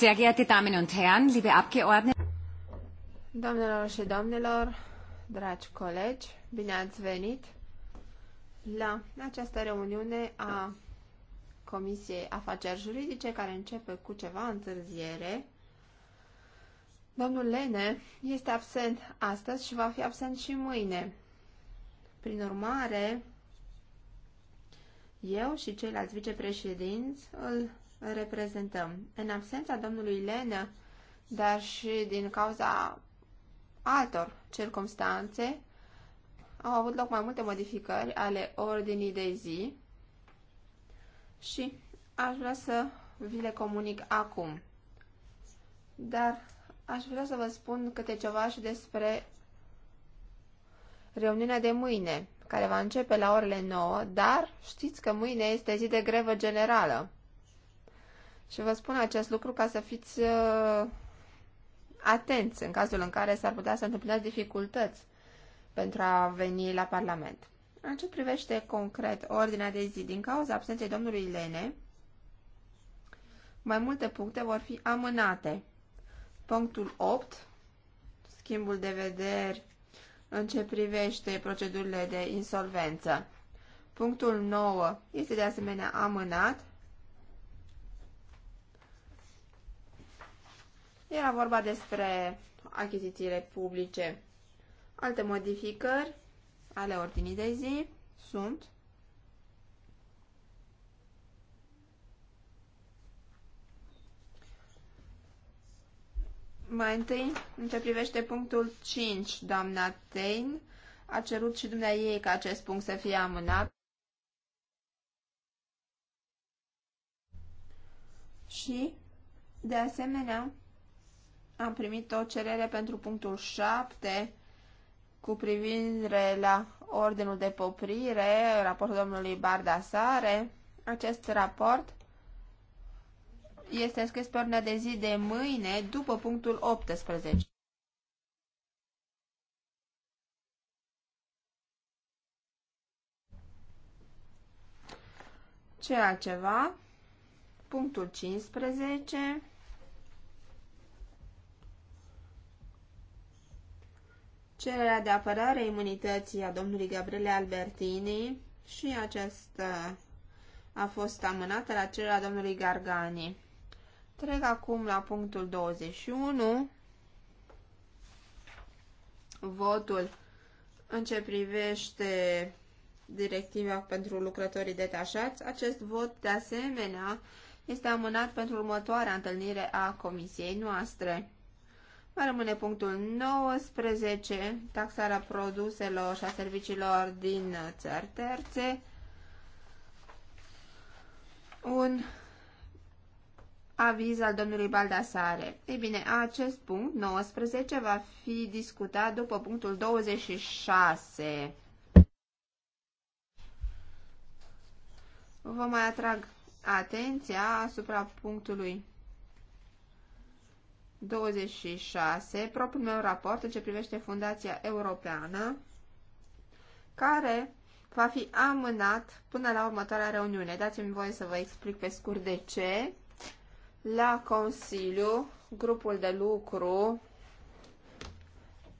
Sehr geehrte Damen und Herren, liebe Abgeordnete. Doamnelor și domnilor, dragi colegi, bine ați venit la această reuniune a Comisiei Afaceri Juridice, care începe cu ceva întârziere. Domnul Lene este absent astăzi și va fi absent și mâine. Prin urmare, eu și ceilalți vicepreședinți îl reprezentăm. În absența domnului Lenă, dar și din cauza altor circumstanțe, au avut loc mai multe modificări ale ordinii de zi și aș vrea să vi le comunic acum. Dar aș vrea să vă spun câte ceva și despre reuniunea de mâine, care va începe la orele 9, dar știți că mâine este zi de grevă generală. Și vă spun acest lucru ca să fiți uh, atenți în cazul în care s-ar putea să întâmplați dificultăți pentru a veni la Parlament. În ce privește concret ordinea de zi, din cauza absenței domnului Lene, mai multe puncte vor fi amânate. Punctul 8, schimbul de vederi în ce privește procedurile de insolvență. Punctul 9 este de asemenea amânat Era vorba despre achizițiile publice. Alte modificări ale ordinii de zi sunt Mai întâi, în ce privește punctul 5, doamna Tain a cerut și dumnea ei ca acest punct să fie amânat. Și, de asemenea, am primit o cerere pentru punctul 7 cu privire la Ordinul de Poprire, raportul domnului Bardasare. Acest raport este scris pe ordinea de zi de mâine, după punctul 18. Ce altceva? Punctul 15. cererea de apărare a imunității a domnului Gabriele Albertini și aceasta a fost amânată la cererea domnului Gargani. Trec acum la punctul 21. Votul în ce privește directiva pentru lucrătorii detașați. Acest vot, de asemenea, este amânat pentru următoarea întâlnire a comisiei noastre. Mai rămâne punctul 19, taxarea produselor și a serviciilor din țări terțe. Un aviz al domnului Baldasare. Ei bine, acest punct 19 va fi discutat după punctul 26. Vă mai atrag atenția asupra punctului 26, propriul meu raport în ce privește Fundația Europeană, care va fi amânat până la următoarea reuniune. Dați-mi voie să vă explic pe scurt de ce. La Consiliu, grupul de lucru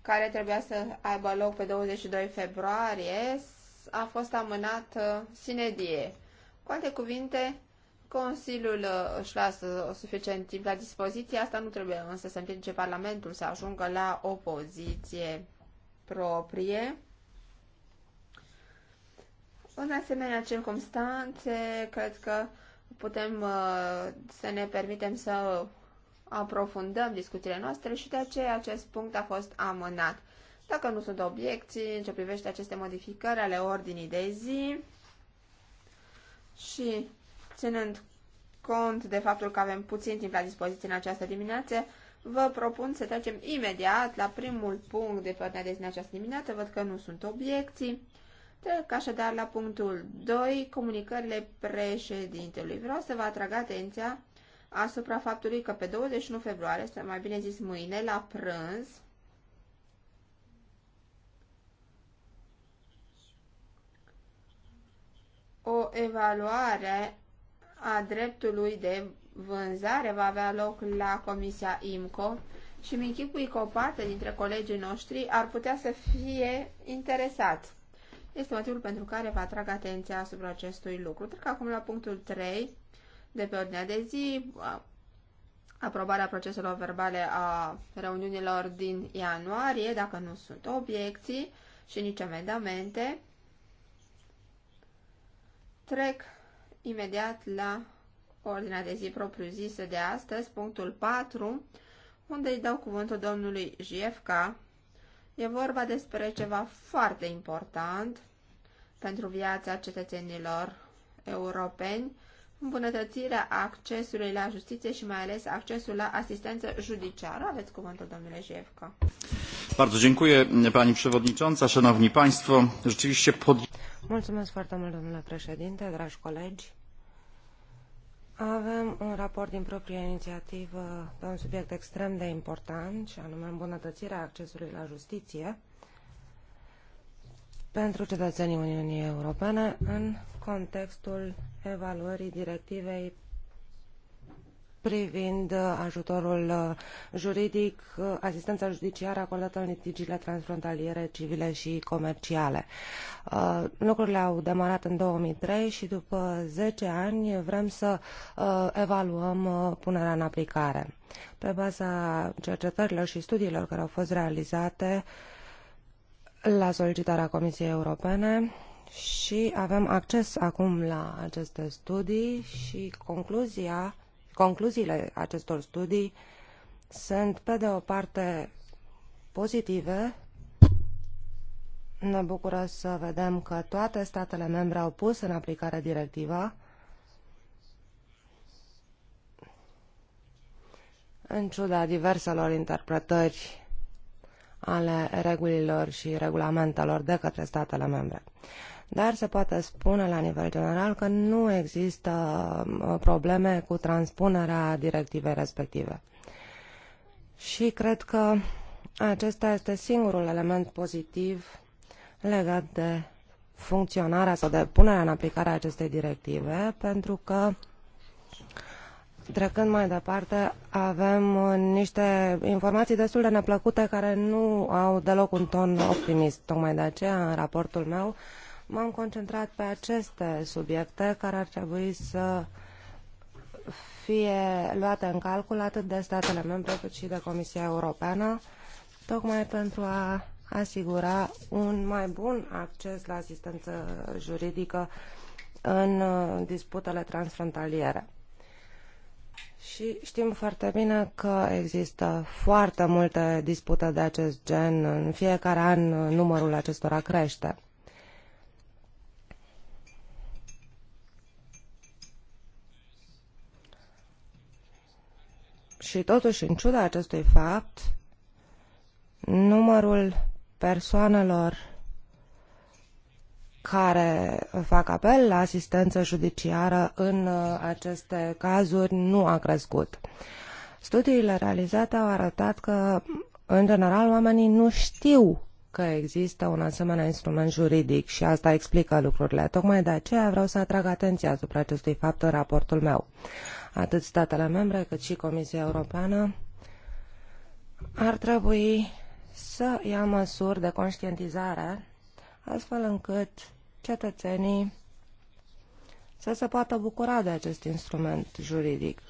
care trebuia să aibă loc pe 22 februarie a fost amânat uh, sinedie. Cu alte cuvinte, Consiliul uh, își lasă suficient timp la dispoziție, asta nu trebuie însă să împiedice Parlamentul să ajungă la o poziție proprie. În asemenea circumstanțe, cred că putem uh, să ne permitem să aprofundăm discuțiile noastre și de aceea acest punct a fost amânat. Dacă nu sunt obiecții în ce privește aceste modificări ale ordinii de zi și Ținând cont de faptul că avem puțin timp la dispoziție în această dimineață, vă propun să trecem imediat la primul punct de pe de zi în această dimineață. Văd că nu sunt obiecții. Trec așadar la punctul 2, comunicările președintelui. Vreau să vă atrag atenția asupra faptului că pe 21 februarie, sau mai bine zis mâine, la prânz, o evaluare a dreptului de vânzare va avea loc la Comisia IMCO și mi închipui că o parte dintre colegii noștri ar putea să fie interesați. Este motivul pentru care vă atrag atenția asupra acestui lucru. Trec acum la punctul 3 de pe ordinea de zi, aprobarea proceselor verbale a reuniunilor din ianuarie, dacă nu sunt obiecții și nici amendamente. Trec imediat la ordinea de zi propriu-zisă de astăzi, punctul 4, unde îi dau cuvântul domnului JFK. E vorba despre ceva foarte important pentru viața cetățenilor europeni, îmbunătățirea accesului la justiție și mai ales accesul la asistență judiciară. Aveți cuvântul, domnule JFK. Bardzo dziękuję, pani przewodnicząca, szanowni państwo. Rzeczywiście pod... Mulțumesc foarte mult, domnule președinte, dragi colegi. Avem un raport din proprie inițiativă pe un subiect extrem de important, și anume îmbunătățirea accesului la justiție pentru cetățenii Uniunii Europene în contextul evaluării directivei privind uh, ajutorul uh, juridic, uh, asistența judiciară acordată în litigiile transfrontaliere, civile și comerciale. Lucrurile au demarat în 2003 și după 10 ani vrem să evaluăm punerea în aplicare. Pe baza cercetărilor și studiilor care au fost realizate la solicitarea Comisiei Europene, și avem acces acum la aceste studii și concluzia Concluziile acestor studii sunt, pe de o parte, pozitive. Ne bucură să vedem că toate statele membre au pus în aplicare directiva, în ciuda diverselor interpretări ale regulilor și regulamentelor de către statele membre dar se poate spune la nivel general că nu există uh, probleme cu transpunerea directivei respective. Și cred că acesta este singurul element pozitiv legat de funcționarea sau de punerea în aplicare a acestei directive, pentru că Trecând mai departe, avem uh, niște informații destul de neplăcute care nu au deloc un ton optimist. Tocmai de aceea, în raportul meu, M-am concentrat pe aceste subiecte care ar trebui să fie luate în calcul atât de statele membre cât și de Comisia Europeană, tocmai pentru a asigura un mai bun acces la asistență juridică în uh, disputele transfrontaliere. Și știm foarte bine că există foarte multe dispute de acest gen. În fiecare an uh, numărul acestora crește. Și totuși, în ciuda acestui fapt, numărul persoanelor care fac apel la asistență judiciară în uh, aceste cazuri nu a crescut. Studiile realizate au arătat că, în general, oamenii nu știu că există un asemenea instrument juridic și asta explică lucrurile. Tocmai de aceea vreau să atrag atenția asupra acestui fapt în raportul meu atât statele membre cât și Comisia Europeană ar trebui să ia măsuri de conștientizare astfel încât cetățenii să se poată bucura de acest instrument juridic.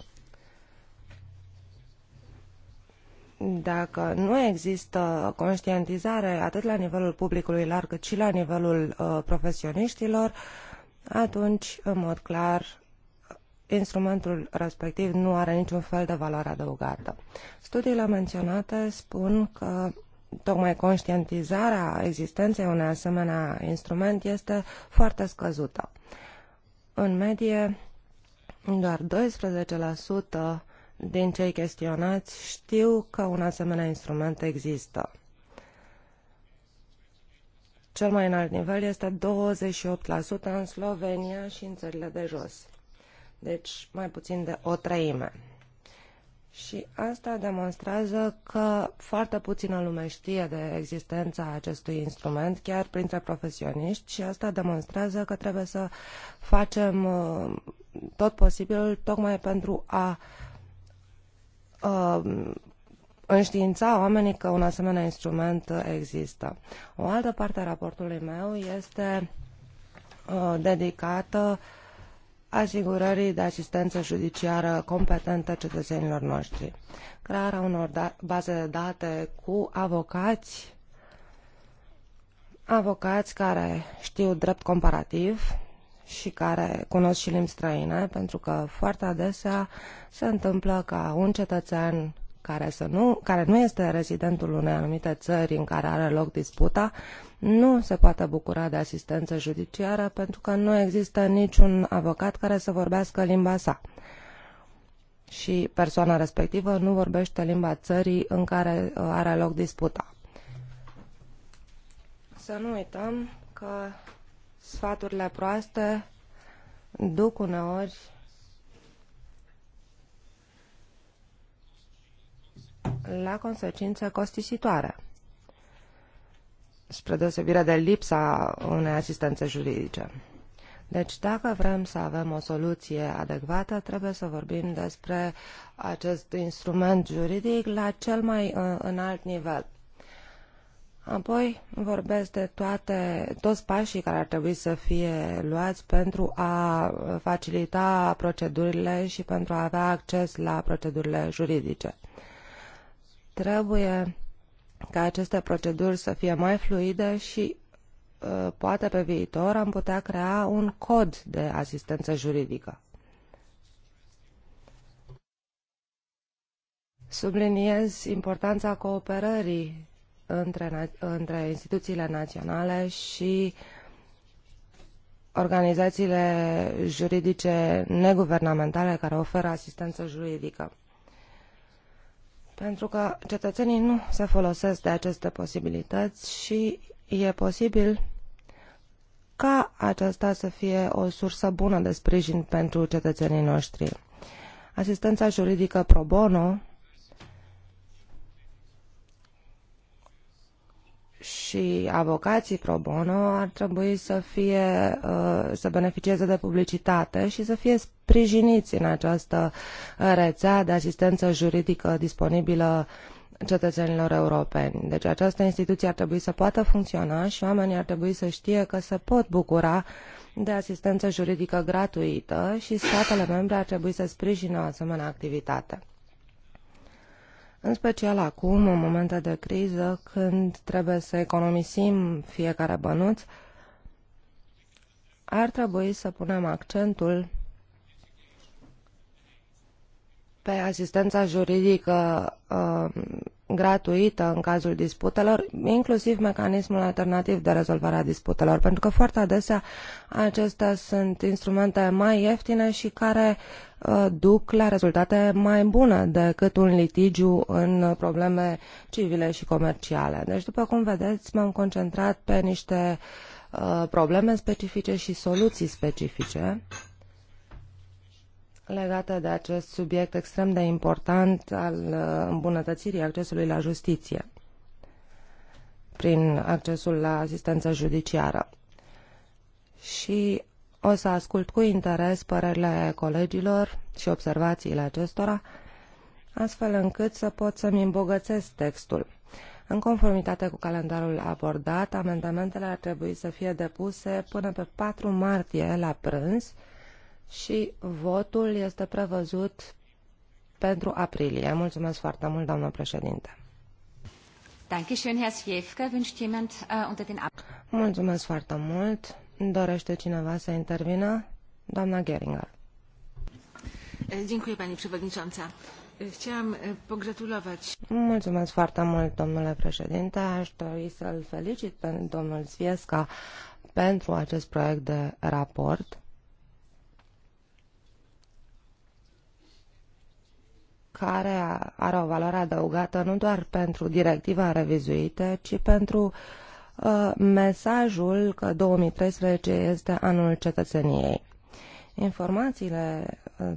Dacă nu există conștientizare atât la nivelul publicului larg cât și la nivelul uh, profesioniștilor, atunci, în mod clar, instrumentul respectiv nu are niciun fel de valoare adăugată. Studiile menționate spun că tocmai conștientizarea existenței unei asemenea instrument este foarte scăzută. În medie, doar 12% din cei chestionați știu că un asemenea instrument există. Cel mai înalt nivel este 28% în Slovenia și în țările de jos deci mai puțin de o treime. Și asta demonstrează că foarte puțină lume știe de existența acestui instrument, chiar printre profesioniști, și asta demonstrează că trebuie să facem uh, tot posibilul tocmai pentru a, a uh, înștiința oamenii că un asemenea instrument există. O altă parte a raportului meu este a, uh, dedicată uh, asigurării de asistență judiciară competentă cetățenilor noștri, crearea unor da, baze de date cu avocați, avocați care știu drept comparativ și care cunosc și limbi străine, pentru că foarte adesea se întâmplă ca un cetățean care, să nu, care nu este rezidentul unei anumite țări în care are loc disputa nu se poate bucura de asistență judiciară pentru că nu există niciun avocat care să vorbească limba sa și persoana respectivă nu vorbește limba țării în care uh, are loc disputa. Să nu uităm că sfaturile proaste duc uneori la consecințe costisitoare spre deosebire de lipsa unei asistențe juridice. Deci, dacă vrem să avem o soluție adecvată, trebuie să vorbim despre acest instrument juridic la cel mai uh, înalt nivel. Apoi vorbesc de toate, toți pașii care ar trebui să fie luați pentru a facilita procedurile și pentru a avea acces la procedurile juridice. Trebuie ca aceste proceduri să fie mai fluide și uh, poate pe viitor am putea crea un cod de asistență juridică. Subliniez importanța cooperării între, între instituțiile naționale și organizațiile juridice neguvernamentale care oferă asistență juridică pentru că cetățenii nu se folosesc de aceste posibilități și e posibil ca aceasta să fie o sursă bună de sprijin pentru cetățenii noștri. Asistența juridică pro bono și avocații pro bono ar trebui să fie uh, să beneficieze de publicitate și să fie sprijiniți în această rețea de asistență juridică disponibilă cetățenilor europeni. Deci această instituție ar trebui să poată funcționa și oamenii ar trebui să știe că se pot bucura de asistență juridică gratuită și statele membre ar trebui să sprijină o asemenea activitate în special acum, în momente de criză, când trebuie să economisim fiecare bănuț, ar trebui să punem accentul pe asistența juridică uh, gratuită în cazul disputelor, inclusiv mecanismul alternativ de rezolvare a disputelor, pentru că foarte adesea acestea sunt instrumente mai ieftine și care Uh, duc la rezultate mai bune decât un litigiu în probleme civile și comerciale. Deci, după cum vedeți, m-am concentrat pe niște uh, probleme specifice și soluții specifice legate de acest subiect extrem de important al uh, îmbunătățirii accesului la justiție prin accesul la asistență judiciară. Și o să ascult cu interes părerile colegilor și observațiile acestora, astfel încât să pot să-mi îmbogățesc textul. În conformitate cu calendarul abordat, amendamentele ar trebui să fie depuse până pe 4 martie la prânz și votul este prevăzut pentru aprilie. Mulțumesc foarte mult, doamnă președinte. Äh, Mulțumesc foarte mult. Dorește cineva să intervină? Doamna Geringer. Dziękuję Pani Przewodnicząca. Chciałam pogratulować. Mulțumesc foarte mult, domnule președinte. Aș dori să-l felicit pe domnul Zviesca pentru acest proiect de raport. care are o valoare adăugată nu doar pentru directiva revizuită, ci pentru uh, Uh, mesajul că 2013 este anul cetățeniei. Informațiile uh,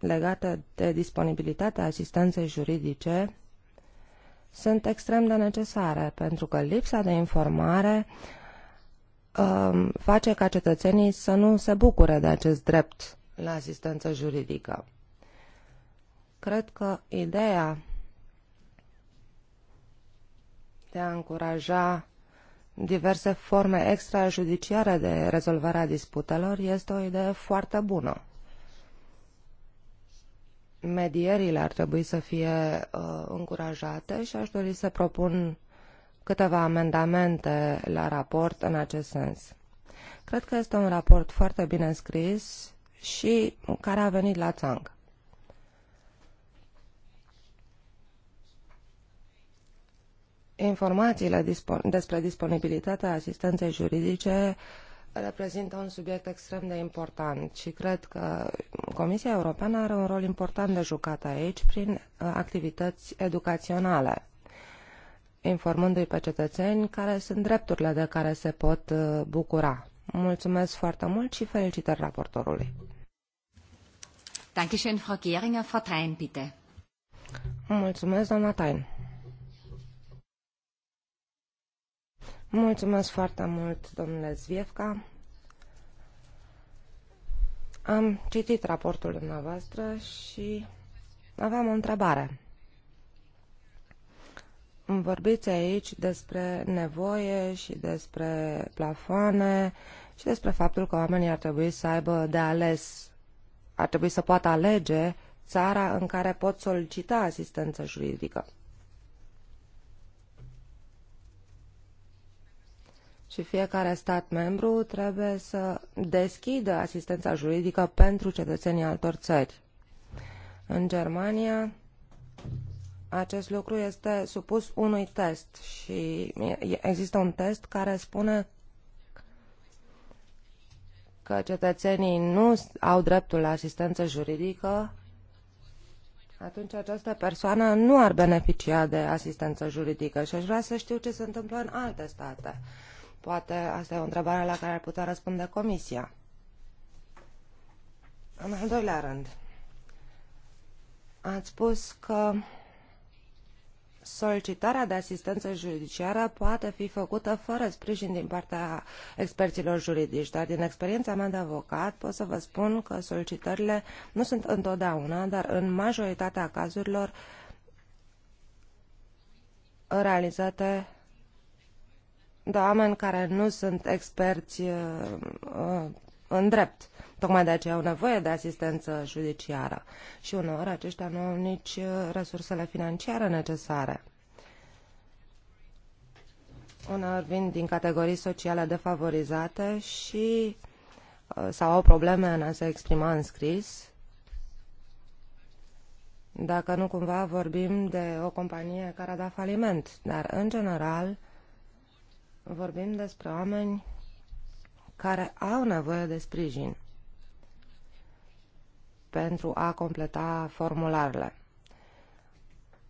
legate de disponibilitatea asistenței juridice sunt extrem de necesare, pentru că lipsa de informare um, face ca cetățenii să nu se bucure de acest drept la asistență juridică. Cred că ideea de a încuraja diverse forme extrajudiciare de rezolvare a disputelor este o idee foarte bună. Medierile ar trebui să fie uh, încurajate și aș dori să propun câteva amendamente la raport în acest sens. Cred că este un raport foarte bine scris și care a venit la țang. Informațiile dispon despre disponibilitatea asistenței juridice reprezintă un subiect extrem de important și cred că Comisia Europeană are un rol important de jucat aici prin uh, activități educaționale, informându-i pe cetățeni care sunt drepturile de care se pot uh, bucura. Mulțumesc foarte mult și felicitări raportorului. Dankeschön, Frau Geringer. Frau Thein, bitte. Mulțumesc, doamna Tain. Mulțumesc foarte mult, domnule Zviefca. Am citit raportul dumneavoastră și aveam o întrebare. Vorbiți aici despre nevoie și despre plafoane și despre faptul că oamenii ar trebui să aibă de ales, ar trebui să poată alege țara în care pot solicita asistență juridică. și fiecare stat membru trebuie să deschidă asistența juridică pentru cetățenii altor țări. În Germania, acest lucru este supus unui test și există un test care spune că cetățenii nu au dreptul la asistență juridică, atunci această persoană nu ar beneficia de asistență juridică și aș vrea să știu ce se întâmplă în alte state. Poate asta e o întrebare la care ar putea răspunde Comisia. În al doilea rând, ați spus că solicitarea de asistență judiciară poate fi făcută fără sprijin din partea experților juridici, dar din experiența mea de avocat pot să vă spun că solicitările nu sunt întotdeauna, dar în majoritatea cazurilor realizate de oameni care nu sunt experți uh, uh, în drept. Tocmai de aceea au nevoie de asistență judiciară și uneori aceștia nu au nici uh, resursele financiare necesare. Uneori vin din categorii sociale defavorizate și sau au probleme în a se exprima în scris. Dacă nu cumva vorbim de o companie care a dat faliment, dar în general vorbim despre oameni care au nevoie de sprijin pentru a completa formularele.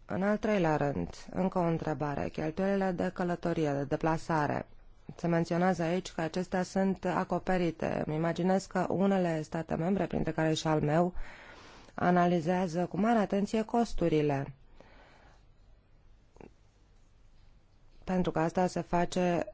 În al treilea rând, încă o întrebare, cheltuielile de călătorie, de deplasare. Se menționează aici că acestea sunt acoperite. Îmi imaginez că unele state membre, printre care și al meu, analizează cu mare atenție costurile pentru că asta se face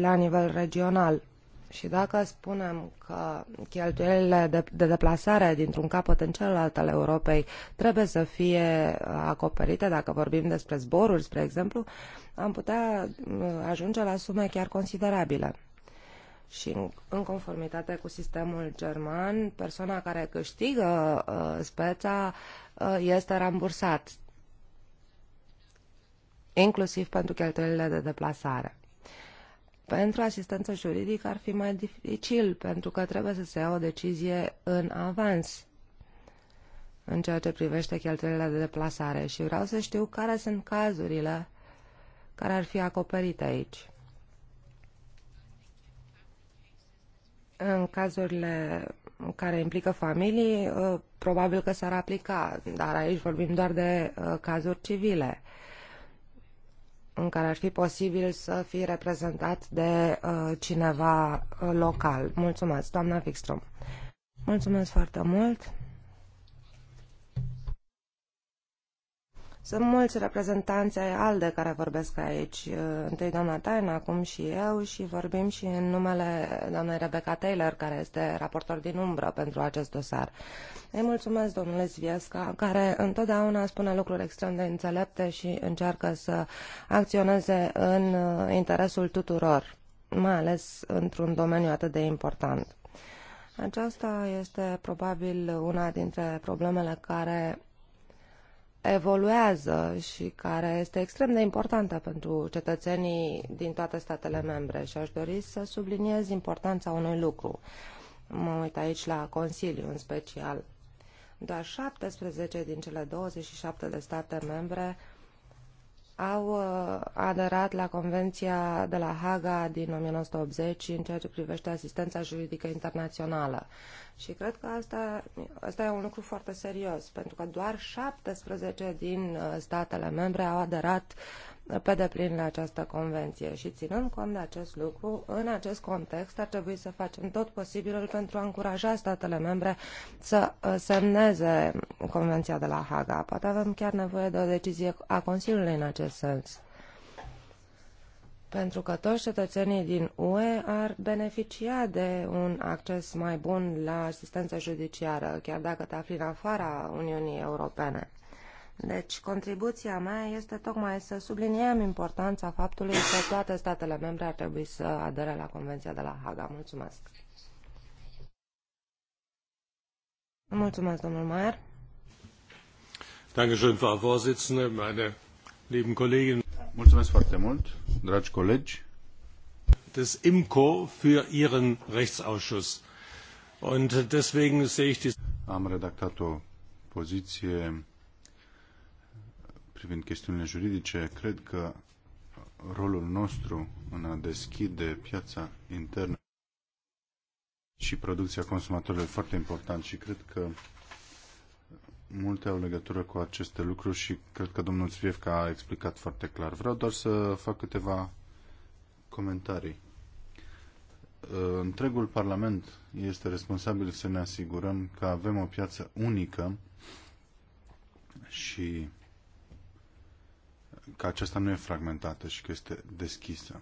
la nivel regional. Și dacă spunem că cheltuielile de, de deplasare dintr-un capăt în celălalt al Europei trebuie să fie uh, acoperite, dacă vorbim despre zboruri, spre exemplu, am putea uh, ajunge la sume chiar considerabile. Și în conformitate cu sistemul german, persoana care câștigă uh, speța uh, este rambursat inclusiv pentru cheltuielile de deplasare. Pentru asistență juridică ar fi mai dificil, pentru că trebuie să se ia o decizie în avans în ceea ce privește cheltuielile de deplasare și vreau să știu care sunt cazurile care ar fi acoperite aici. În cazurile care implică familii, uh, probabil că s-ar aplica, dar aici vorbim doar de uh, cazuri civile în care ar fi posibil să fie reprezentat de uh, cineva uh, local. Mulțumesc, doamna Wikström. Mulțumesc foarte mult. Sunt mulți reprezentanți ai ALDE care vorbesc aici, uh, întâi doamna Tain, acum și eu, și vorbim și în numele doamnei Rebecca Taylor, care este raportor din umbră pentru acest dosar. Îi mulțumesc domnule Zviesca, care întotdeauna spune lucruri extrem de înțelepte și încearcă să acționeze în uh, interesul tuturor, mai ales într-un domeniu atât de important. Aceasta este probabil una dintre problemele care evoluează și care este extrem de importantă pentru cetățenii din toate statele membre și aș dori să subliniez importanța unui lucru. Mă uit aici la Consiliu în special. Doar 17 din cele 27 de state membre uh, au uh, aderat la Convenția de la Haga din 1980 în ceea ce privește asistența juridică internațională. Și cred că asta, asta e un lucru foarte serios, pentru că doar 17 din uh, statele membre au aderat pe deplin la această convenție și ținând cont de acest lucru, în acest context ar trebui să facem tot posibilul pentru a încuraja statele membre să uh, semneze convenția de la Haga. Poate avem chiar nevoie de o decizie a Consiliului în acest sens. Pentru că toți cetățenii din UE ar beneficia de un acces mai bun la asistență judiciară, chiar dacă te afli în afara Uniunii Europene. Deci, contribuția mea este tocmai să subliniem importanța faptului că toate statele membre ar trebui să adere la Convenția de la Haga. Mulțumesc! Mulțumesc, domnul Maier! Dankeschön, Frau Vorsitzende, meine lieben Kollegen. Mulțumesc foarte mult, dragi colegi. Das IMCO für Ihren Rechtsausschuss. Und deswegen sehe ich die... Am redactat o poziție privind chestiunile juridice, cred că rolul nostru în a deschide piața internă și producția consumatorilor e foarte important și cred că multe au legătură cu aceste lucruri și cred că domnul Zviev a explicat foarte clar. Vreau doar să fac câteva comentarii. Uh, întregul Parlament este responsabil să ne asigurăm că avem o piață unică și că aceasta nu e fragmentată și că este deschisă.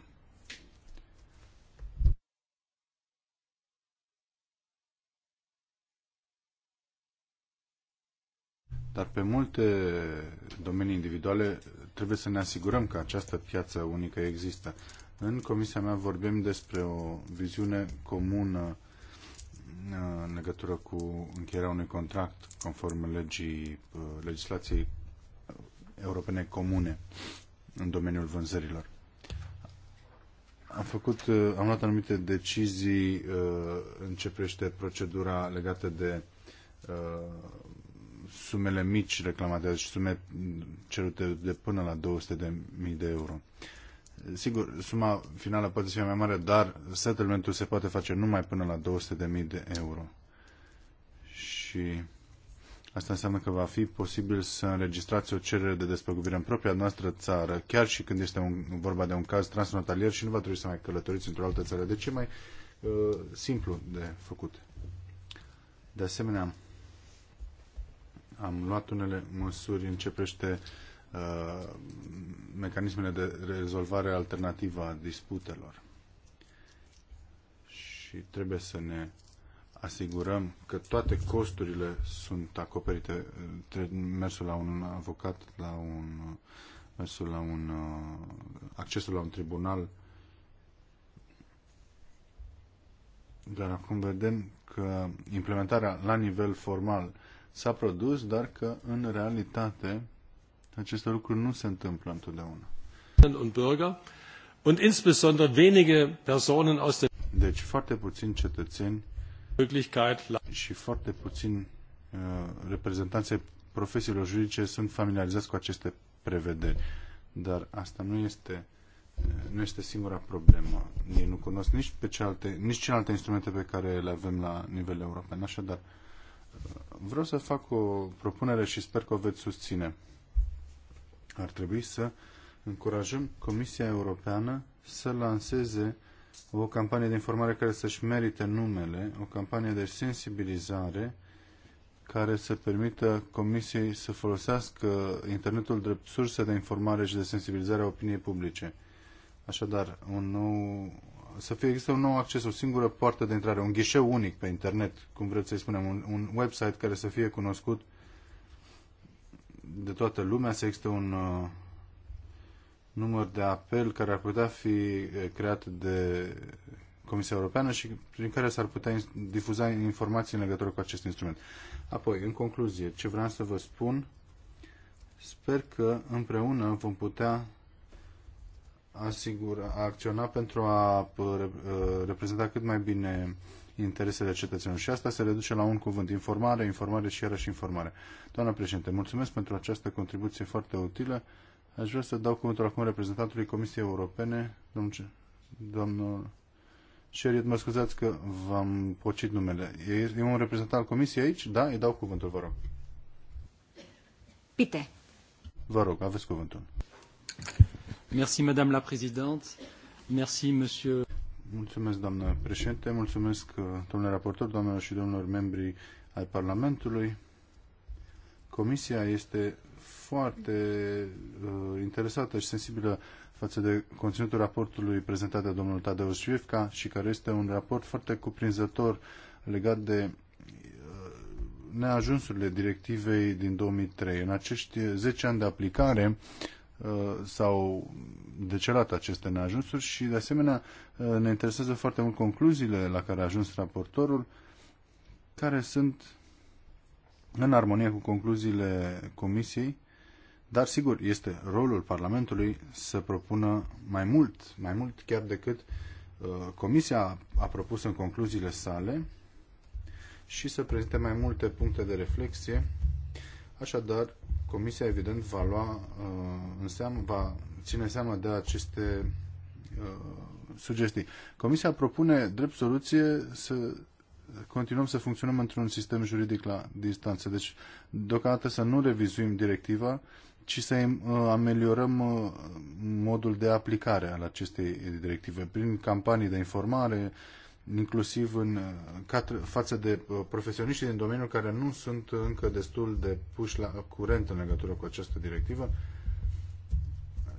Dar pe multe domenii individuale trebuie să ne asigurăm că această piață unică există. În comisia mea vorbim despre o viziune comună uh, în legătură cu încheierea unui contract conform legii, uh, legislației europene comune în domeniul vânzărilor. Am, făcut, uh, am luat anumite decizii uh, în ce privește procedura legată de uh, sumele mici reclamate, și deci sume cerute de până la 200.000 de euro. Sigur, suma finală poate fi mai mare, dar settlementul se poate face numai până la 200.000 de euro. Și Asta înseamnă că va fi posibil să înregistrați o cerere de despăgubire în propria noastră țară, chiar și când este un, vorba de un caz transfrontalier și nu va trebui să mai călătoriți într-o altă țară. de ce mai uh, simplu de făcut. De asemenea, am luat unele măsuri în ce uh, mecanismele de rezolvare alternativă a disputelor. Și trebuie să ne asigurăm că toate costurile sunt acoperite, mersul la un avocat, la un, mersul la un, uh, accesul la un tribunal. Dar acum vedem că implementarea la nivel formal s-a produs, dar că în realitate aceste lucruri nu se întâmplă întotdeauna. Un Bürger und insbesondere wenige Personen aus Deci foarte puțini cetățeni și foarte puțin uh, reprezentanții profesiilor juridice sunt familiarizați cu aceste prevederi. Dar asta nu este, uh, nu este singura problemă. Ei nu cunosc nici, pe cealaltă, nici celelalte instrumente pe care le avem la nivel european. Așadar, uh, vreau să fac o propunere și sper că o veți susține. Ar trebui să încurajăm Comisia Europeană să lanseze o campanie de informare care să-și merite numele, o campanie de sensibilizare care să permită Comisiei să folosească internetul drept sursă de informare și de sensibilizare a opiniei publice. Așadar, un nou, să fie există un nou acces, o singură poartă de intrare, un ghișeu unic pe internet, cum vreți să-i spunem, un, un website care să fie cunoscut de toată lumea, să există un uh, număr de apel care ar putea fi eh, creat de Comisia Europeană și prin care s-ar putea difuza informații în legătură cu acest instrument. Apoi, în concluzie, ce vreau să vă spun, sper că împreună vom putea asigura, acționa pentru a eh, reprezenta cât mai bine interesele cetățenilor. Și asta se reduce la un cuvânt, informare, informare și iarăși informare. Doamna președinte, mulțumesc pentru această contribuție foarte utilă. Aș vrea să dau cuvântul acum reprezentantului Comisiei Europene, domnul, domnul Șeriet, mă scuzați că v-am pocit numele. E, e un reprezentant al Comisiei aici? Da? Îi dau cuvântul, vă rog. Pite. Vă rog, aveți cuvântul. Merci, Madame la Présidente. Merci, Monsieur... Mulțumesc, doamnă președinte, mulțumesc, uh, domnule raportor, doamnelor și domnilor membri ai Parlamentului. Comisia este foarte uh, interesată și sensibilă față de conținutul raportului prezentat de domnul Tadeu Șvifca și care este un raport foarte cuprinzător legat de uh, neajunsurile directivei din 2003. În acești 10 ani de aplicare uh, s-au decelat aceste neajunsuri și, de asemenea, uh, ne interesează foarte mult concluziile la care a ajuns raportorul, care sunt în armonie cu concluziile Comisiei dar, sigur, este rolul Parlamentului să propună mai mult, mai mult chiar decât uh, Comisia a propus în concluziile sale și să prezinte mai multe puncte de reflexie. Așadar, Comisia, evident, va lua uh, în seamă, va ține seama de aceste uh, sugestii. Comisia propune, drept soluție, să continuăm să funcționăm într-un sistem juridic la distanță. Deci, deocamdată să nu revizuim directiva, uh, ci să uh, ameliorăm uh, modul de aplicare al acestei directive prin campanii de informare, inclusiv în, uh, față de profesioniști din domeniul care nu sunt încă destul de puși la curent în legătură cu această directivă.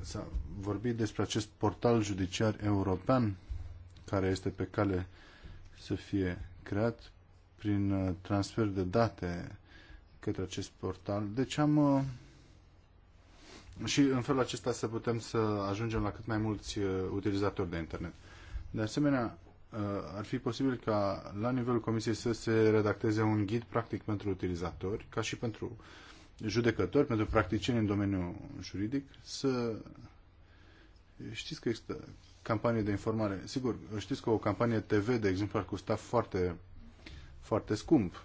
S-a vorbit despre acest portal judiciar european care este pe cale să fie creat prin transfer de date către acest portal. Deci am și în felul acesta să putem să ajungem la cât mai mulți uh, utilizatori de internet. De asemenea, uh, ar fi posibil ca la nivelul Comisiei să se redacteze un ghid practic pentru utilizatori, ca și pentru judecători, pentru practicieni în domeniul juridic, să știți că există campanie de informare. Sigur, știți că o campanie TV, de exemplu, ar costa foarte, foarte scump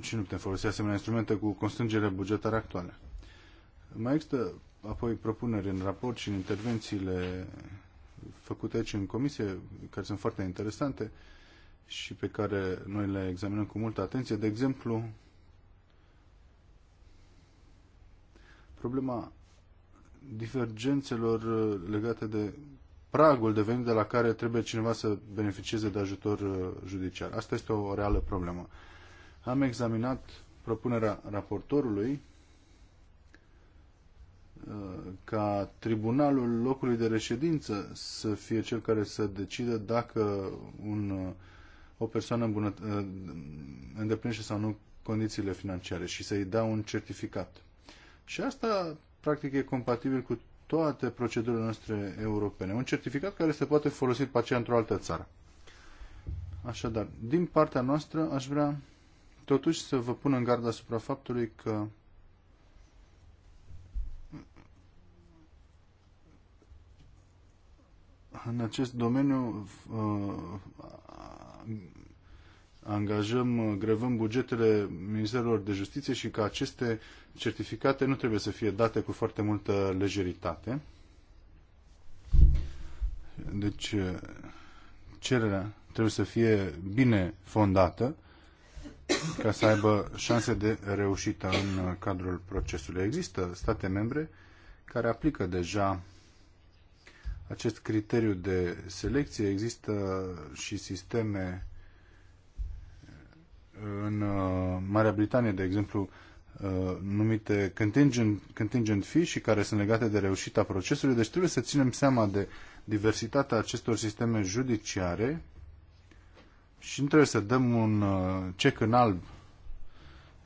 și nu putem folosi asemenea instrumente cu constrângere bugetare actuale. Mai există apoi propuneri în raport și în intervențiile făcute aici în comisie, care sunt foarte interesante și pe care noi le examinăm cu multă atenție. De exemplu, problema divergențelor legate de pragul de venit de la care trebuie cineva să beneficieze de ajutor uh, judiciar. Asta este o reală problemă. Am examinat propunerea raportorului uh, ca tribunalul locului de reședință să fie cel care să decide dacă un, uh, o persoană îmbunăt- uh, îndeplinește sau nu condițiile financiare și să-i dea un certificat. Și asta, practic, e compatibil cu toate procedurile noastre europene. Un certificat care se poate folosi pe aceea într-o altă țară. Așadar, din partea noastră, aș vrea totuși să vă pun în gard asupra faptului că în acest domeniu uh, angajăm, grevăm bugetele Ministerilor de Justiție și că aceste certificate nu trebuie să fie date cu foarte multă lejeritate. Deci, cererea trebuie să fie bine fondată ca să aibă șanse de reușită în uh, cadrul procesului. Există state membre care aplică deja acest criteriu de selecție, există și sisteme uh, în uh, Marea Britanie, de exemplu, numite contingent, contingent fee și care sunt legate de reușita procesului. Deci trebuie să ținem seama de diversitatea acestor sisteme judiciare și nu trebuie să dăm un uh, cec în alb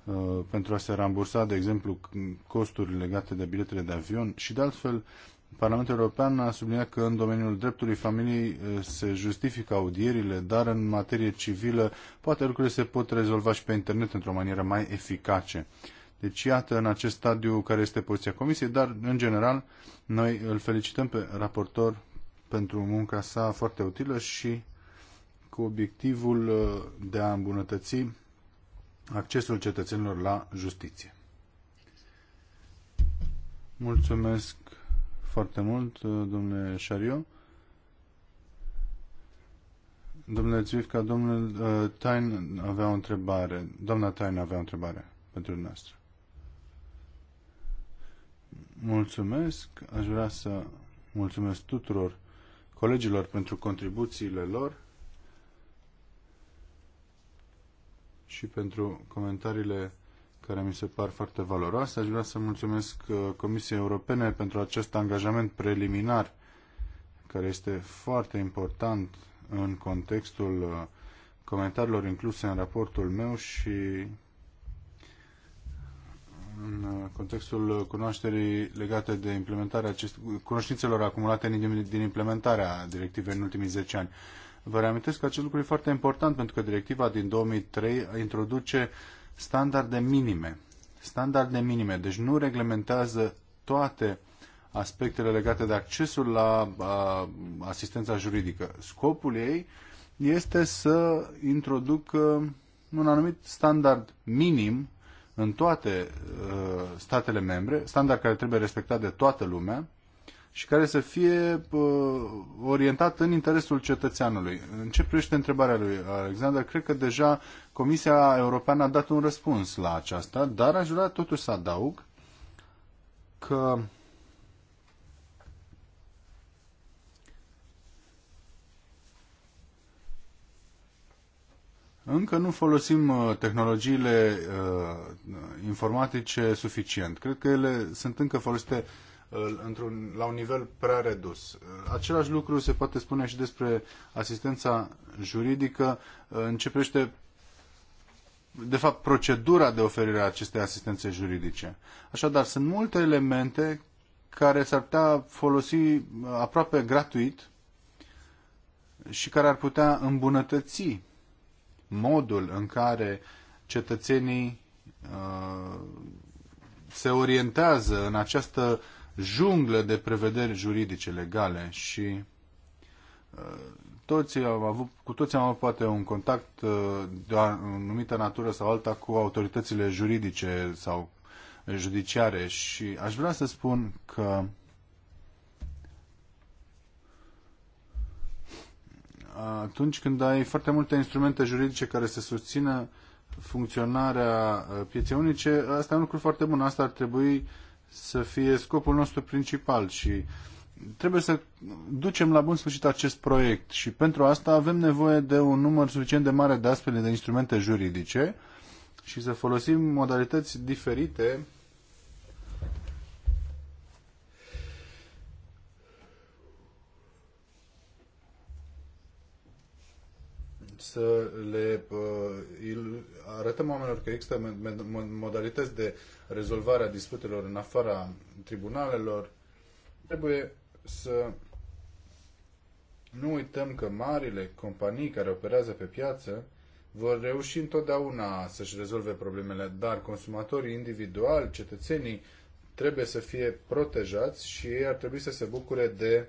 uh, pentru a se rambursa, de exemplu, costuri legate de biletele de avion și, de altfel, Parlamentul European a subliniat că în domeniul dreptului familiei uh, se justifică audierile, dar în materie civilă poate lucrurile se pot rezolva și pe internet într-o manieră mai eficace. Deci iată în acest stadiu care este poziția Comisiei, dar în general noi îl felicităm pe raportor pentru munca sa foarte utilă și cu obiectivul uh, de a îmbunătăți accesul cetățenilor la justiție. Mulțumesc foarte mult, uh, domnule Șariu. Domnule domnule uh, Tain avea o întrebare. Doamna Tain avea o întrebare pentru dumneavoastră. Mulțumesc. Aș vrea să mulțumesc tuturor colegilor pentru contribuțiile lor. și pentru comentariile care mi se par foarte valoroase. Aș vrea să mulțumesc uh, Comisiei Europene pentru acest angajament preliminar care este foarte important în contextul uh, comentariilor incluse în raportul meu și în uh, contextul cunoașterii legate de implementarea acest, cunoștințelor acumulate din implementarea directivei în ultimii 10 ani. Vă reamintesc că acest lucru e foarte important pentru că directiva din 2003 introduce standarde minime. Standarde minime, deci nu reglementează toate aspectele legate de accesul la a, asistența juridică. Scopul ei este să introducă un anumit standard minim în toate uh, statele membre, standard care trebuie respectat de toată lumea, și care să fie orientat în interesul cetățeanului. În ce privește întrebarea lui Alexander, cred că deja Comisia Europeană a dat un răspuns la aceasta, dar aș vrea totuși să adaug că Încă nu folosim uh, tehnologiile uh, informatice suficient. Cred că ele sunt încă folosite uh, într-un, la un nivel prea redus. Același lucru se poate spune și despre asistența juridică. Începește de fapt, procedura de oferire a acestei asistențe juridice. Așadar, sunt multe elemente care s-ar putea folosi uh, aproape gratuit și care ar putea îmbunătăți modul în care cetățenii uh, se orientează în această junglă de prevederi juridice legale și uh, toți am avut, cu toți am avut poate un contact uh, de o anumită natură sau alta cu autoritățile juridice sau judiciare și aș vrea să spun că atunci când ai foarte multe instrumente juridice care să susțină funcționarea uh, pieței unice, asta e un lucru foarte bun. Asta ar trebui să fie scopul nostru principal și trebuie să ducem la bun sfârșit acest proiect și pentru asta avem nevoie de un număr suficient de mare de astfel de instrumente juridice și să folosim modalități diferite să le uh, arătăm oamenilor că există modalități de rezolvare a disputelor în afara tribunalelor. Trebuie să nu uităm că marile companii care operează pe piață vor reuși întotdeauna să-și rezolve problemele, dar consumatorii individuali, cetățenii, trebuie să fie protejați și ei ar trebui să se bucure de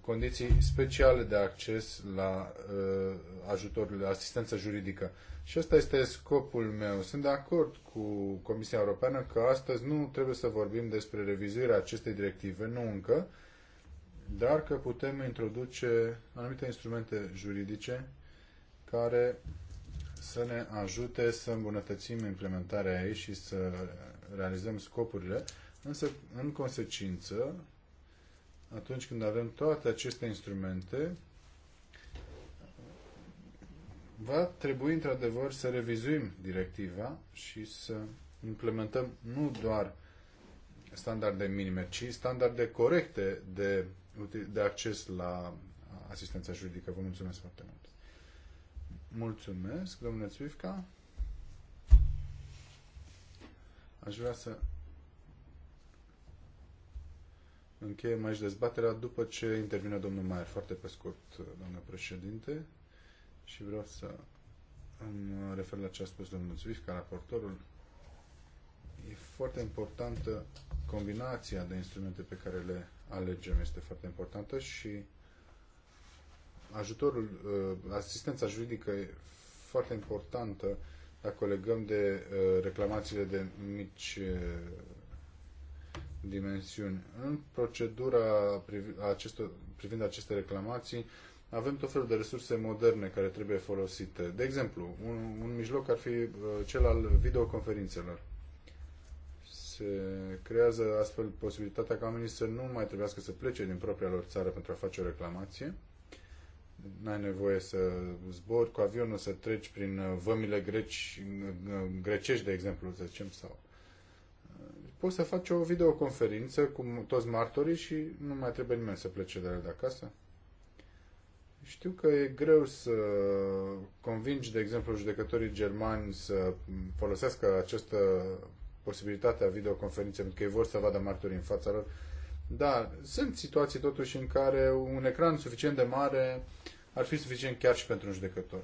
condiții speciale de acces la uh, ajutorul, asistență juridică. Și ăsta este scopul meu. Sunt de acord cu Comisia Europeană că astăzi nu trebuie să vorbim despre revizuirea acestei directive, nu încă, dar că putem introduce anumite instrumente juridice care să ne ajute să îmbunătățim implementarea ei și să realizăm scopurile, însă, în consecință, atunci când avem toate aceste instrumente, va trebui într-adevăr să revizuim directiva și să implementăm nu doar standarde minime, ci standarde corecte de, de acces la asistența juridică. Vă mulțumesc foarte mult. Mulțumesc, domnule Țuifca. Aș vrea să Încheiem aici dezbaterea după ce intervine domnul Maier, foarte pe scurt, doamnă președinte, și vreau să îmi refer la ce a spus domnul Zvif, ca raportorul. E foarte importantă combinația de instrumente pe care le alegem, este foarte importantă și ajutorul, uh, asistența juridică e foarte importantă dacă o legăm de uh, reclamațiile de mici uh, dimensiuni. În procedura privind aceste reclamații, avem tot felul de resurse moderne care trebuie folosite. De exemplu, un, un mijloc ar fi uh, cel al videoconferințelor. Se creează astfel posibilitatea ca oamenii să nu mai trebuiască să plece din propria lor țară pentru a face o reclamație. N-ai nevoie să zbori cu avionul, să treci prin uh, vămile greci, uh, grecești, de exemplu, să zicem, sau poți să faci o videoconferință cu toți martorii și nu mai trebuie nimeni să plece de de acasă? Știu că e greu să convingi, de exemplu, judecătorii germani să folosească această posibilitate a videoconferinței, pentru că ei vor să vadă martorii în fața lor. Dar sunt situații totuși în care un ecran suficient de mare ar fi suficient chiar și pentru un judecător.